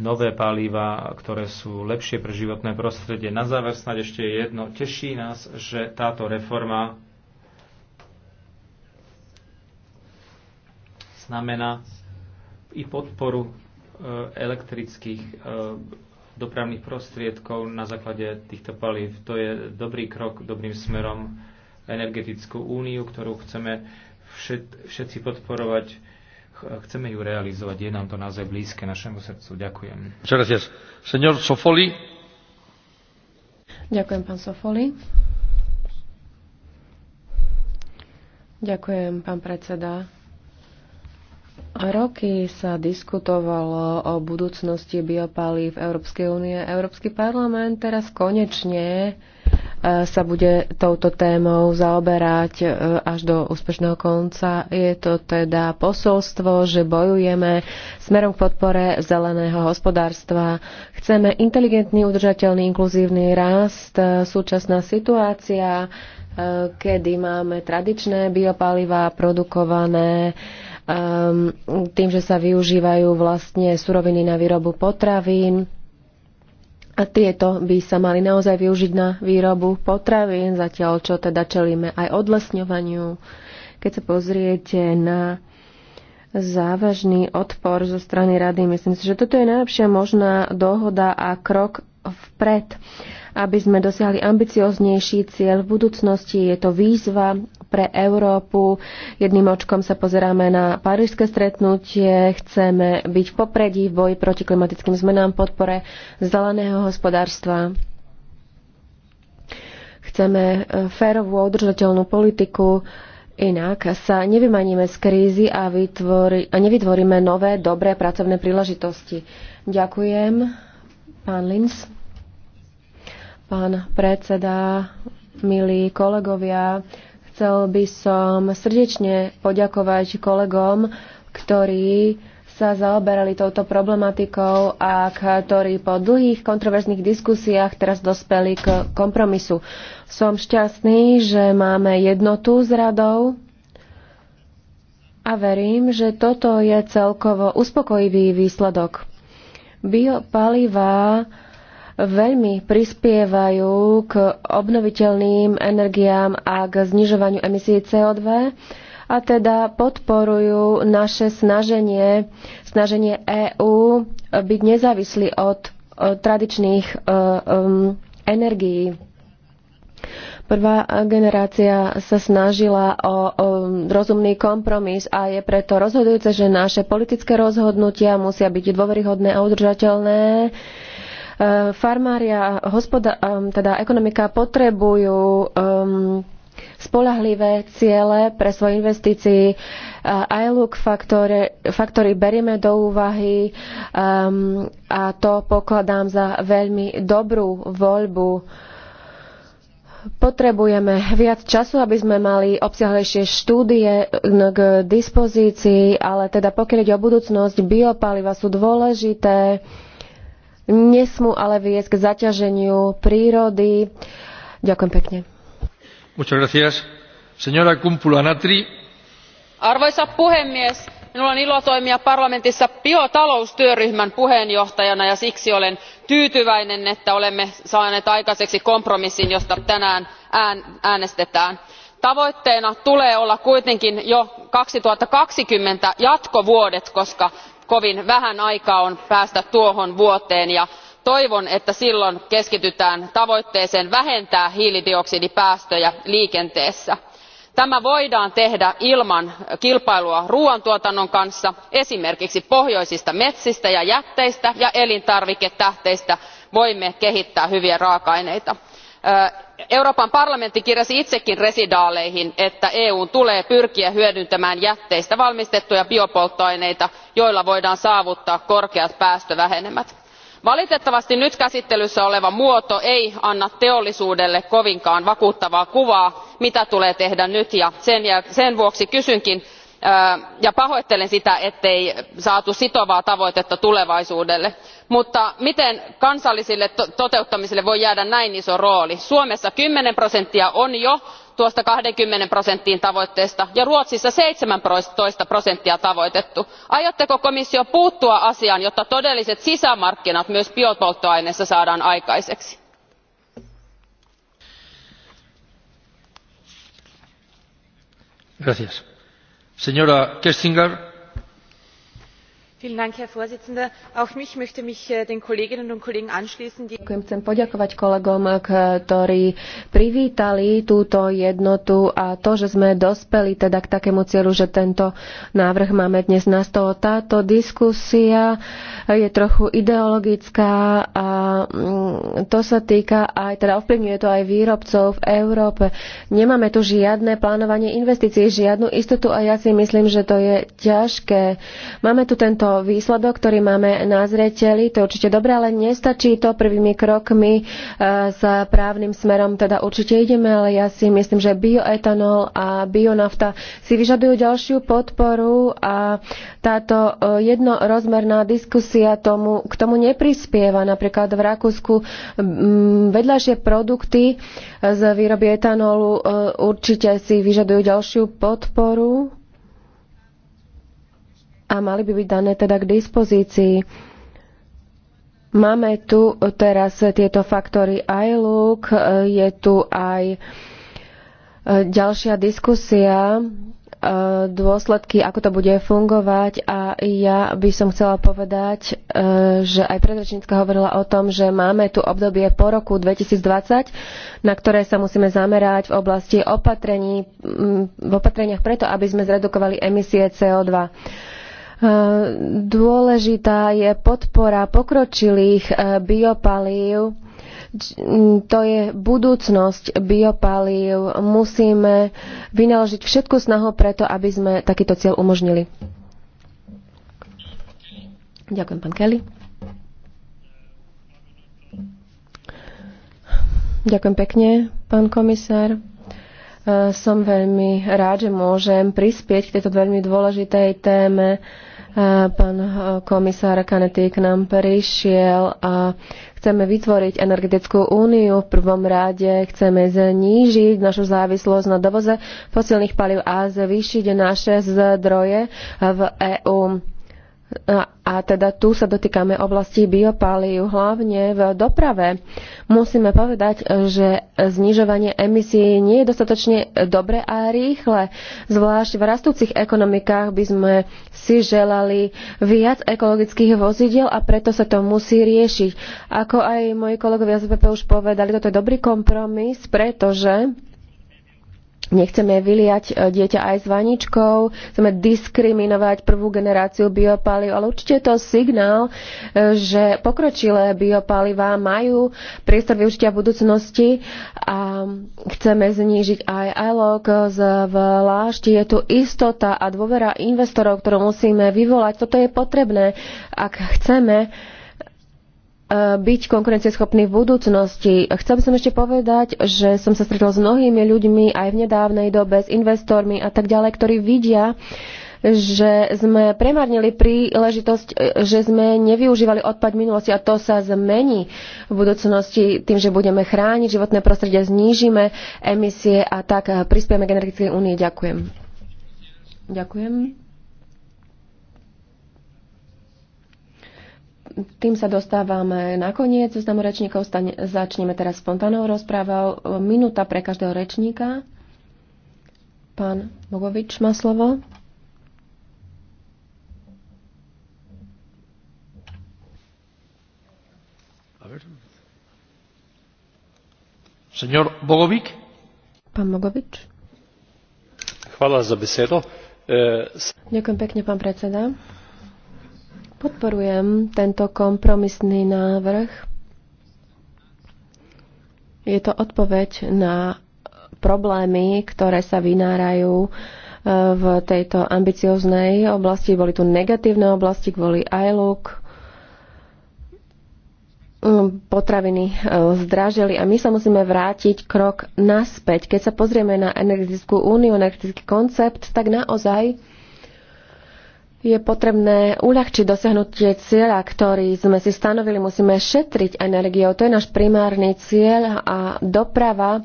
nové paliva, ktoré sú lepšie pre životné prostredie. Na záver snáď ešte jedno. Teší nás, že táto reforma znamená i podporu e, elektrických e, dopravných prostriedkov na základe týchto palív. To je dobrý krok dobrým smerom energetickú úniu, ktorú chceme všet, všetci podporovať. Chceme ju realizovať. Je nám to naozaj blízke našemu srdcu. Ďakujem. Ďakujem, pán Sofoli. Ďakujem, pán predseda. Roky sa diskutovalo o budúcnosti v Európskej únie. Európsky parlament teraz konečne e, sa bude touto témou zaoberať e, až do úspešného konca. Je to teda posolstvo, že bojujeme smerom k podpore zeleného hospodárstva. Chceme inteligentný, udržateľný, inkluzívny rast. E, súčasná situácia, kedy máme tradičné biopalivá produkované Ehm, tým, že sa využívajú vlastne suroviny na výrobu potravín. A tieto by sa mali naozaj využiť na výrobu potravín, zatiaľ čo teda čelíme aj odlesňovaniu. Keď sa pozriete na závažný odpor zo strany rady, myslím si, že toto je najlepšia možná dohoda a krok vpred, aby sme dosiahli ambicioznejší cieľ v budúcnosti. Je to výzva pre Európu. Jedným očkom sa pozeráme na parížske stretnutie, chceme byť v popredí v boji proti klimatickým zmenám, podpore zeleného hospodárstva. Chceme e, férovú a udržateľnú politiku, inak sa nevymaníme z krízy a, vytvori, a nevytvoríme nové, dobré pracovné príležitosti. Ďakujem, pán Lins pán predseda, milí kolegovia, Chcel by som srdečne poďakovať kolegom, ktorí sa zaoberali touto problematikou a ktorí po dlhých kontroverzných diskusiách teraz dospeli k kompromisu. Som šťastný, že máme jednotu s radou a verím, že toto je celkovo uspokojivý výsledok. Biopalivá veľmi prispievajú k obnoviteľným energiám a k znižovaniu emisí CO2 a teda podporujú naše snaženie, snaženie EÚ byť nezávislí od, e, tradičných um, energií. Prvá generácia sa snažila o, o rozumný kompromis a je preto rozhodujúce, že naše politické rozhodnutia musia byť dôveryhodné a udržateľné Eh, farmári a hospoda- teda ekonomika potrebujú um, spolahlivé ciele pre svoje investície. ILUK faktory, faktory berieme do úvahy um, a to pokladám za veľmi dobrú voľbu. Potrebujeme viac času, aby sme mali obsiahlejšie štúdie k dispozícii, ale teda pokiaľ ide o budúcnosť, biopaliva sú dôležité nesmú ale viesť k zaťaženiu prírody. Ďakujem pekne. Muchas gracias. Señora Arvoisa puhemies, minulla on ilo toimia parlamentissa biotaloustyöryhmän puheenjohtajana ja siksi olen tyytyväinen, että olemme saaneet aikaiseksi kompromissin, josta tänään äänestetään tavoitteena tulee olla kuitenkin jo 2020 jatkovuodet koska kovin vähän aikaa on päästä tuohon vuoteen ja toivon että silloin keskitytään tavoitteeseen vähentää hiilidioksidipäästöjä liikenteessä. tämä voidaan tehdä ilman kilpailua ruoantuotannon kanssa esimerkiksi pohjoisista metsistä ja jätteistä ja elintarviketähteistä voimme kehittää hyviä raaka aineita euroopan parlamentti kirjasi itsekin residaaleihin että eu n tulee pyrkiä hyödyntämään jätteistä valmistettuja biopolttoaineita joilla voidaan saavuttaa korkeat päästövähenemät. valitettavasti nyt käsittelyssä oleva muoto ei anna teollisuudelle kovinkaan vakuuttavaa kuvaa siitä mitä tulee tehdä nyt ja sen vuoksi kysynkin ja pahoittelen sitä ettei saatu sitovaa tavoitetta tulevaisuudelle mutta miten kansalliselle toteuttamiselle voi jäädä näin iso rooli? suomessa kymmenen prosenttia on jo tuosta kaksikymmentä prosentin tavoitteesta ja ruotsissa seitsemäntoista prosenttia tavoitettu. aiotteko komissio puuttua asiaan jotta todelliset sisämarkkinat myös biopolttoaineissa saadaan aikaiseksi? señora kstinger herr präsident! auch ich möchte mich äh, den kolleginnen und kollegen anschließen die. chcem poďakovať kolegom ktorí privítali túto jednotu a to že sme dospeli teda k takému cieľu že tento návrh máme dnes na stole. táto diskusia je trochu ideologická a mm, to sa týka aj teda ovplyvňuje to aj výrobcov v európe. nemáme tu žiadne plánovanie investícií žiadnu istotu a ja si myslím že to je ťažké. máme tu tento výsledok, ktorý máme na zreteli. To je určite dobré, ale nestačí to prvými krokmi e, s právnym smerom. Teda určite ideme, ale ja si myslím, že bioetanol a bionafta si vyžadujú ďalšiu podporu a táto e, jednorozmerná diskusia tomu, k tomu neprispieva. Napríklad v Rakúsku vedľajšie produkty e, z výroby etanolu určite si vyžadujú ďalšiu podporu a mali by byť dané teda k dispozícii. Máme tu teraz tieto faktory iLook, je tu aj e, ďalšia diskusia, e, dôsledky, ako to bude fungovať a ja by som chcela povedať, e, že aj predrečnícka hovorila o tom, že máme tu obdobie po roku 2020, na ktoré sa musíme zamerať v oblasti opatrení, v opatreniach preto, aby sme zredukovali emisie CO2 Dôležitá je podpora pokročilých e, biopalív. To je budúcnosť biopalív. Musíme vynaložiť všetku snahu preto, aby sme takýto cieľ umožnili. Ďakujem, pán Kelly. Ďakujem pekne, pán komisár. E, som veľmi rád, že môžem prispieť k tejto veľmi dôležitej téme Pán eh, komisár Kanety k nám prišiel a chceme vytvoriť energetickú úniu. V prvom rade chceme znížiť našu závislosť na dovoze fosilných palív a zvýšiť naše zdroje v EÚ a, a teda tu sa dotýkame oblasti biopálív, hlavne v doprave. Musíme povedať, že znižovanie emisí nie je dostatočne dobre a rýchle. Zvlášť v rastúcich ekonomikách by sme si želali viac ekologických vozidiel a preto sa to musí riešiť. Ako aj moji kolegovia z VP už povedali, toto je dobrý kompromis, pretože Nechceme vyliať e, dieťa aj s vaničkou, chceme diskriminovať prvú generáciu biopaliv, ale určite je to signál, e, že pokročilé biopalivá majú priestor využitia v budúcnosti a chceme znížiť aj ILOG vlášti. Je tu istota a dôvera investorov, ktorú musíme vyvolať. Toto je potrebné, ak chceme E, byť konkurencieschopný v budúcnosti. Chcel by som ešte povedať, že som sa stretol s mnohými ľuďmi aj v nedávnej dobe, s investormi a tak ďalej, ktorí vidia, že sme premarnili príležitosť, e, že sme nevyužívali odpad minulosti a to sa zmení v budúcnosti tým, že budeme chrániť životné prostredie, znížime emisie a tak prispieme k energetickej únii. Ďakujem. Ďakujem. tým sa dostávame na koniec zoznamu rečníkov. Stane, začneme teraz spontánnou rozprávou. Minúta pre každého rečníka. Pán Bogovič má slovo. Senor Bogovič? Pán Bogovič. Hvala za besedo. E... Ďakujem pekne, pán predseda. Podporujem tento kompromisný návrh. Je to odpoveď na problémy, ktoré sa vynárajú e, v tejto ambicioznej oblasti. Boli tu negatívne oblasti kvôli ILUK, mm, potraviny e, zdražili a my sa musíme vrátiť krok naspäť. Keď sa pozrieme na energetickú úniu, energetický koncept, tak naozaj je potrebné uľahčiť dosiahnutie cieľa, ktorý sme si stanovili. Musíme šetriť energiou. To je náš primárny cieľ a doprava e,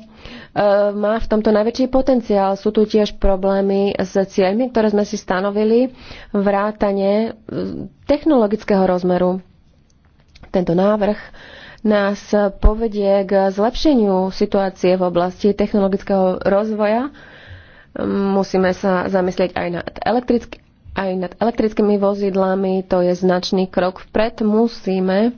má v tomto najväčší potenciál. Sú tu tiež problémy s cieľmi, ktoré sme si stanovili, vrátanie e, technologického rozmeru. Tento návrh nás povedie k zlepšeniu situácie v oblasti technologického rozvoja. Musíme sa zamyslieť aj nad elektrickým aj nad elektrickými vozidlami. To je značný krok vpred. Musíme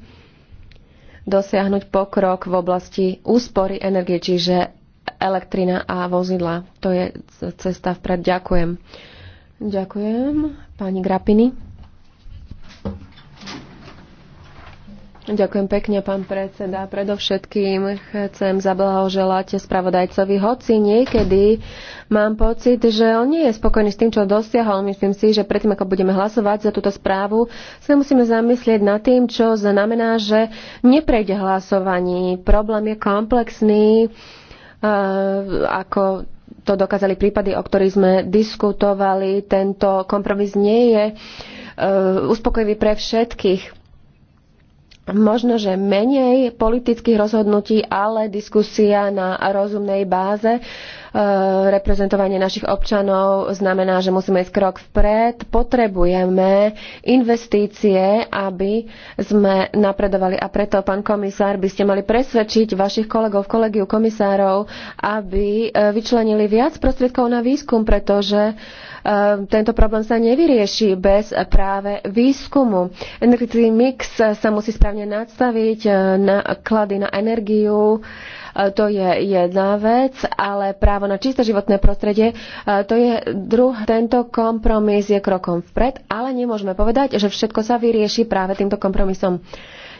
dosiahnuť pokrok v oblasti úspory energie, čiže elektrina a vozidla. To je cesta vpred. Ďakujem. Ďakujem. Pani Grapini. Ďakujem pekne, pán predseda. Predovšetkým chcem zablahoželať spravodajcovi, hoci niekedy mám pocit, že on nie je spokojný s tým, čo dosiahol. Myslím si, že predtým, ako budeme hlasovať za túto správu, sa musíme zamyslieť nad tým, čo znamená, že neprejde hlasovaní. Problém je komplexný, ako to dokázali prípady, o ktorých sme diskutovali. Tento kompromis nie je e, uspokojivý pre všetkých možno, že menej politických rozhodnutí, ale diskusia na rozumnej báze. E, reprezentovanie našich občanov znamená, že musíme ísť krok vpred. Potrebujeme investície, aby sme napredovali. A preto, pán komisár, by ste mali presvedčiť vašich kolegov v kolegiu komisárov, aby e, vyčlenili viac prostriedkov na výskum, pretože Ehm, tento problém sa nevyrieši bez práve výskumu. Energetický mix sa musí správne nadstaviť, eh, náklady na energiu, eh, to je jedna vec, ale právo na čisté životné prostredie, eh, to je druh. Tento kompromis je krokom vpred, ale nemôžeme povedať, že všetko sa vyrieši práve týmto kompromisom.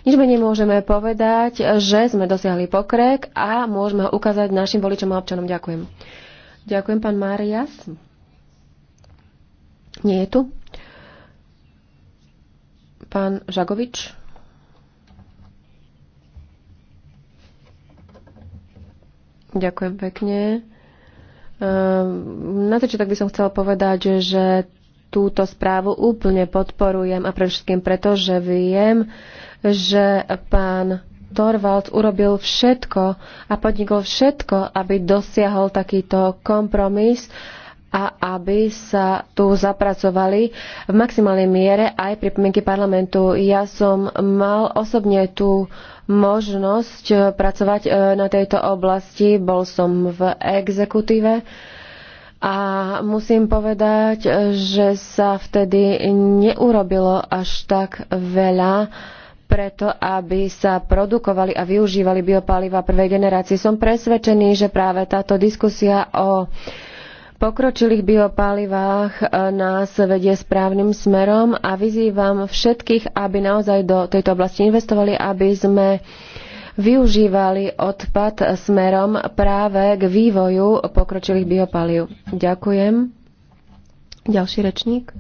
Nič my nemôžeme povedať, že sme dosiahli pokrek a môžeme ho ukázať našim voličom a občanom. Ďakujem. Ďakujem, pán Marias. Nie je tu. Pán Žagovič. Ďakujem pekne. Ehm, na tak by som chcela povedať, že túto správu úplne podporujem a predovšetkým preto, že viem, že pán Torvald urobil všetko a podnikol všetko, aby dosiahol takýto kompromis a aby sa tu zapracovali v maximálnej miere aj pripomienky parlamentu. Ja som mal osobne tú možnosť eh, pracovať eh, na tejto oblasti, bol som v exekutíve a musím povedať, eh, že sa vtedy neurobilo až tak veľa preto, aby sa produkovali a využívali biopáliva prvej generácie. Som presvedčený, že práve táto diskusia o pokročilých biopálivách e, nás vedie správnym smerom a vyzývam všetkých, aby naozaj do tejto oblasti investovali, aby sme využívali odpad smerom práve k vývoju pokročilých biopalív. Ďakujem. Ďalší rečník.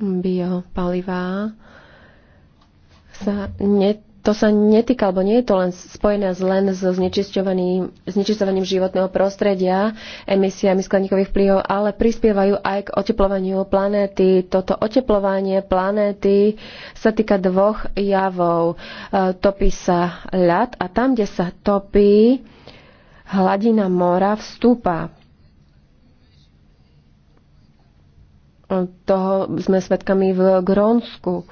biopalivá sa net to sa netýka, alebo nie je to len spojené len so znečisťovaním, znečisťovaním životného prostredia, emisiami skleníkových plyhov, ale prispievajú aj k oteplovaniu planéty. Toto oteplovanie planéty sa týka dvoch javov. E, topí sa ľad a tam, kde sa topí, hladina mora vstúpa. Toho sme svedkami v Grónsku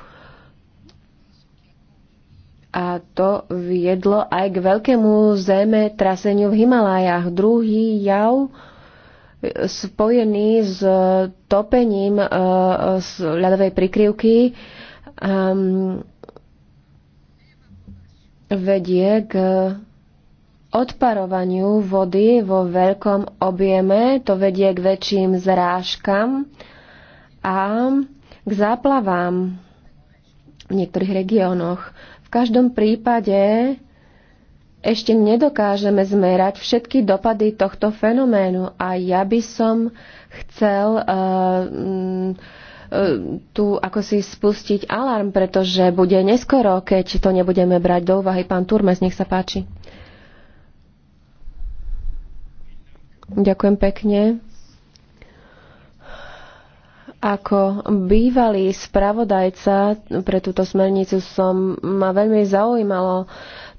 a to viedlo aj k veľkému zeme traseniu v Himalájach. Druhý jav e, spojený s topením e, z ľadovej prikryvky ehm, vedie k odparovaniu vody vo veľkom objeme. To vedie k väčším zrážkam a k záplavám v niektorých regiónoch. V každom prípade ešte nedokážeme zmerať všetky dopady tohto fenoménu a ja by som chcel uh, uh, tu ako si spustiť alarm, pretože bude neskoro, keď to nebudeme brať do úvahy. Pán Turmes, nech sa páči. Ďakujem pekne. Ako bývalý spravodajca pre túto smernicu som ma veľmi zaujímalo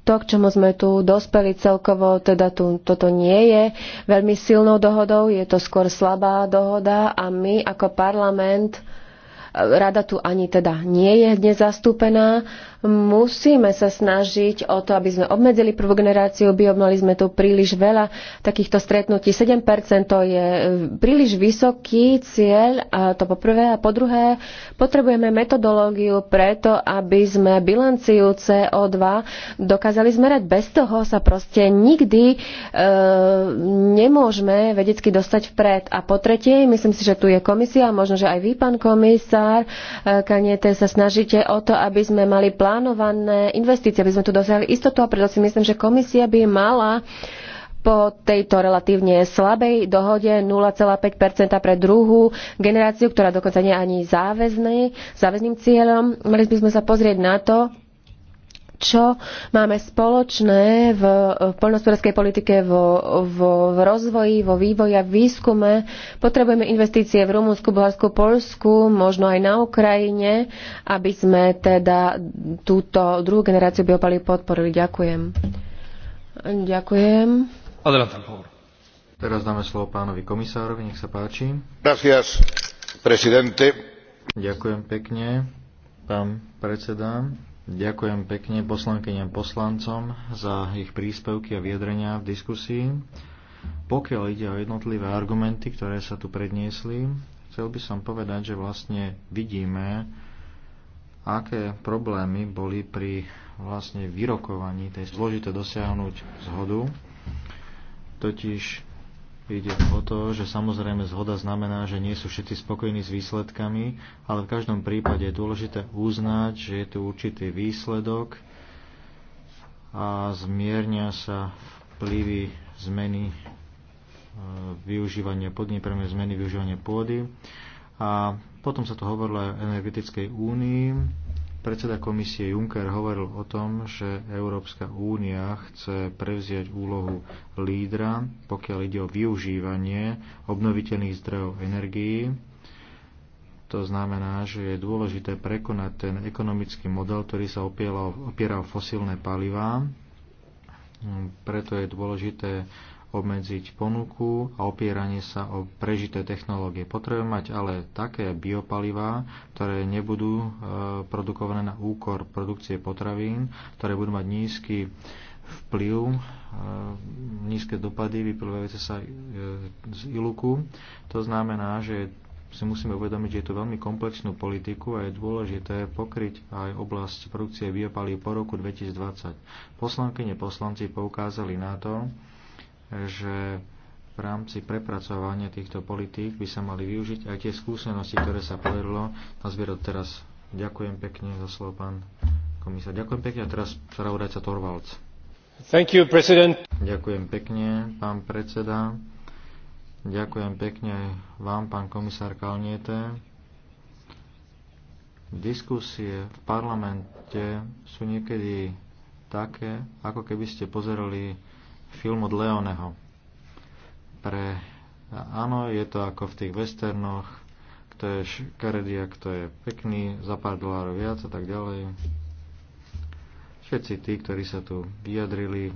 to, k čomu sme tu dospeli celkovo, teda tu, toto nie je veľmi silnou dohodou, je to skôr slabá dohoda a my ako parlament, rada tu ani teda nie je dnes zastúpená, Musíme sa snažiť o to, aby sme obmedzili prvú generáciu biom. sme tu príliš veľa takýchto stretnutí. 7% to je e, príliš vysoký cieľ, a to po prvé. A po druhé, potrebujeme metodológiu preto, aby sme bilanciu CO2 dokázali zmerať. Bez toho sa proste nikdy e, nemôžeme vedecky dostať vpred. A po tretie, myslím si, že tu je komisia, možno, že aj vy, pán komisár, e, Kaniete, sa snažíte o to, aby sme mali plat plánované investície, aby sme tu dosiahli istotu a preto si myslím, že komisia by mala po tejto relatívne slabej dohode 0,5 pre druhú generáciu, ktorá dokonca nie je ani záväzný, záväzným cieľom. Mali by sme sa pozrieť na to, čo máme spoločné v poľnohospodárskej politike, vo, vo, v rozvoji, vo vývoji a výskume. Potrebujeme investície v Rumunsku, Bulharsku, Polsku, možno aj na Ukrajine, aby sme teda túto druhú generáciu biopalív podporili. Ďakujem. Ďakujem. Teraz dáme slovo pánovi komisárovi, nech sa páči. Gracias, presidente. Ďakujem pekne, pán predseda. Ďakujem pekne poslankyňam poslancom za ich príspevky a vyjadrenia v diskusii. Pokiaľ ide o jednotlivé argumenty, ktoré sa tu predniesli, chcel by som povedať, že vlastne vidíme, aké problémy boli pri vlastne vyrokovaní tej zložité dosiahnuť zhodu. Totiž Ide o to, že samozrejme zhoda znamená, že nie sú všetci spokojní s výsledkami, ale v každom prípade je dôležité uznať, že je tu určitý výsledok a zmiernia sa vplyvy zmeny e, využívania pôdy, prejme zmeny využívania pôdy. A potom sa tu hovorilo aj o energetickej únii, Predseda komisie Juncker hovoril o tom, že Európska únia chce prevziať úlohu lídra, pokiaľ ide o využívanie obnoviteľných zdrojov energií. To znamená, že je dôležité prekonať ten ekonomický model, ktorý sa opieral opieral fosílne palivá. Preto je dôležité obmedziť ponuku a opieranie sa o prežité technológie. Potrebujeme mať ale také biopalivá, ktoré nebudú e, produkované na úkor produkcie potravín, ktoré budú mať nízky vplyv, e, nízke dopady vyplývajúce sa e, z iluku. To znamená, že si musíme uvedomiť, že je to veľmi komplexnú politiku a je dôležité pokryť aj oblasť produkcie biopalív po roku 2020. Poslankyne poslanci poukázali na to, že v rámci prepracovania týchto politík by sa mali využiť aj tie skúsenosti, ktoré sa podarilo nazbierať teraz. Ďakujem pekne za slovo, pán komisár. Ďakujem pekne a teraz spravodajca Torvalc. Thank you, president. Ďakujem pekne, pán predseda. Ďakujem pekne vám, pán komisár Kalniete. Diskusie v parlamente sú niekedy také, ako keby ste pozerali film od Leoneho. Pre, áno, je to ako v tých westernoch, kto je škaredia, kto je pekný, za pár dolárov viac a tak ďalej. Všetci tí, ktorí sa tu vyjadrili,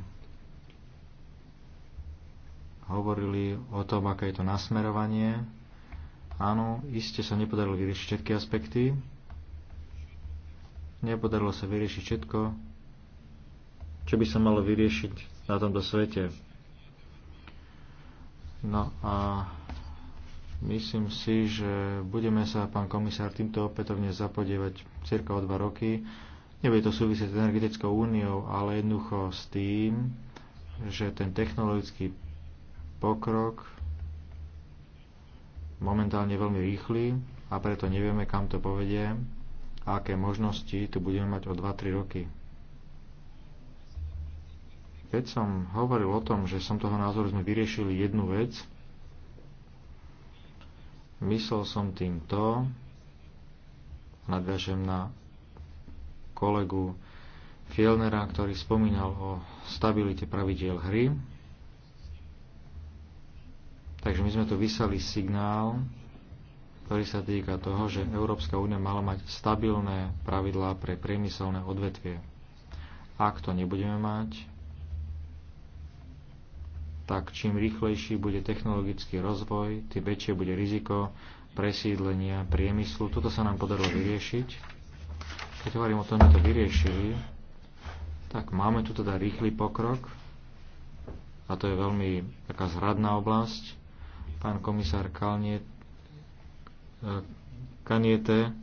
hovorili o tom, aké je to nasmerovanie. Áno, iste sa nepodarilo vyriešiť všetky aspekty. Nepodarilo sa vyriešiť všetko, čo by sa malo vyriešiť na tomto svete. No a myslím si, že budeme sa, pán komisár, týmto opätovne zapodievať cirka o dva roky. Nebude to súvisieť s energetickou úniou, ale jednoducho s tým, že ten technologický pokrok momentálne veľmi rýchly a preto nevieme, kam to povedie a aké možnosti tu budeme mať o 2-3 roky. Keď som hovoril o tom, že som toho názoru sme vyriešili jednu vec, myslel som tým to, nadviažem na kolegu Fielnera, ktorý spomínal o stabilite pravidiel hry. Takže my sme tu vysali signál, ktorý sa týka toho, že Európska únia mala mať stabilné pravidlá pre priemyselné odvetvie. Ak to nebudeme mať, tak čím rýchlejší bude technologický rozvoj, tým väčšie bude riziko presídlenia priemyslu. Toto sa nám podarilo vyriešiť. Keď hovorím o tom, že to vyriešili, tak máme tu teda rýchly pokrok a to je veľmi taká zhradná oblasť. Pán komisár Kalniet, Kaniete,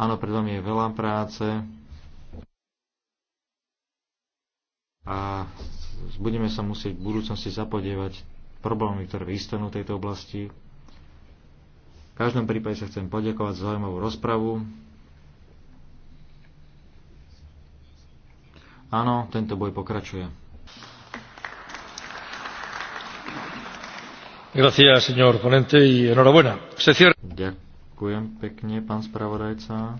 áno, pred vami je veľa práce a budeme sa musieť v budúcnosti zapodievať problémy, ktoré vystanú v tejto oblasti. V každom prípade sa chcem poďakovať za zaujímavú rozpravu. Áno, tento boj pokračuje. Gracias, señor ponente, y enhorabuena. Se cierra. Ďakujem pekne, pán spravodajca.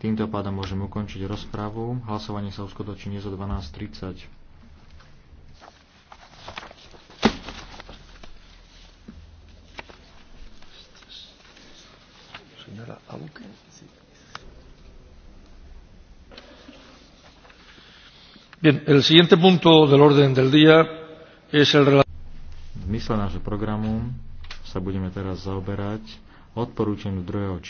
Týmto pádom môžem ukončiť rozpravu. Hlasovanie sa uskutoční dnes o 12.30. signora Auken. Bien, el siguiente punto del orden del día es el V mysle nášho programu sa budeme teraz zaoberať odporúčaním druhého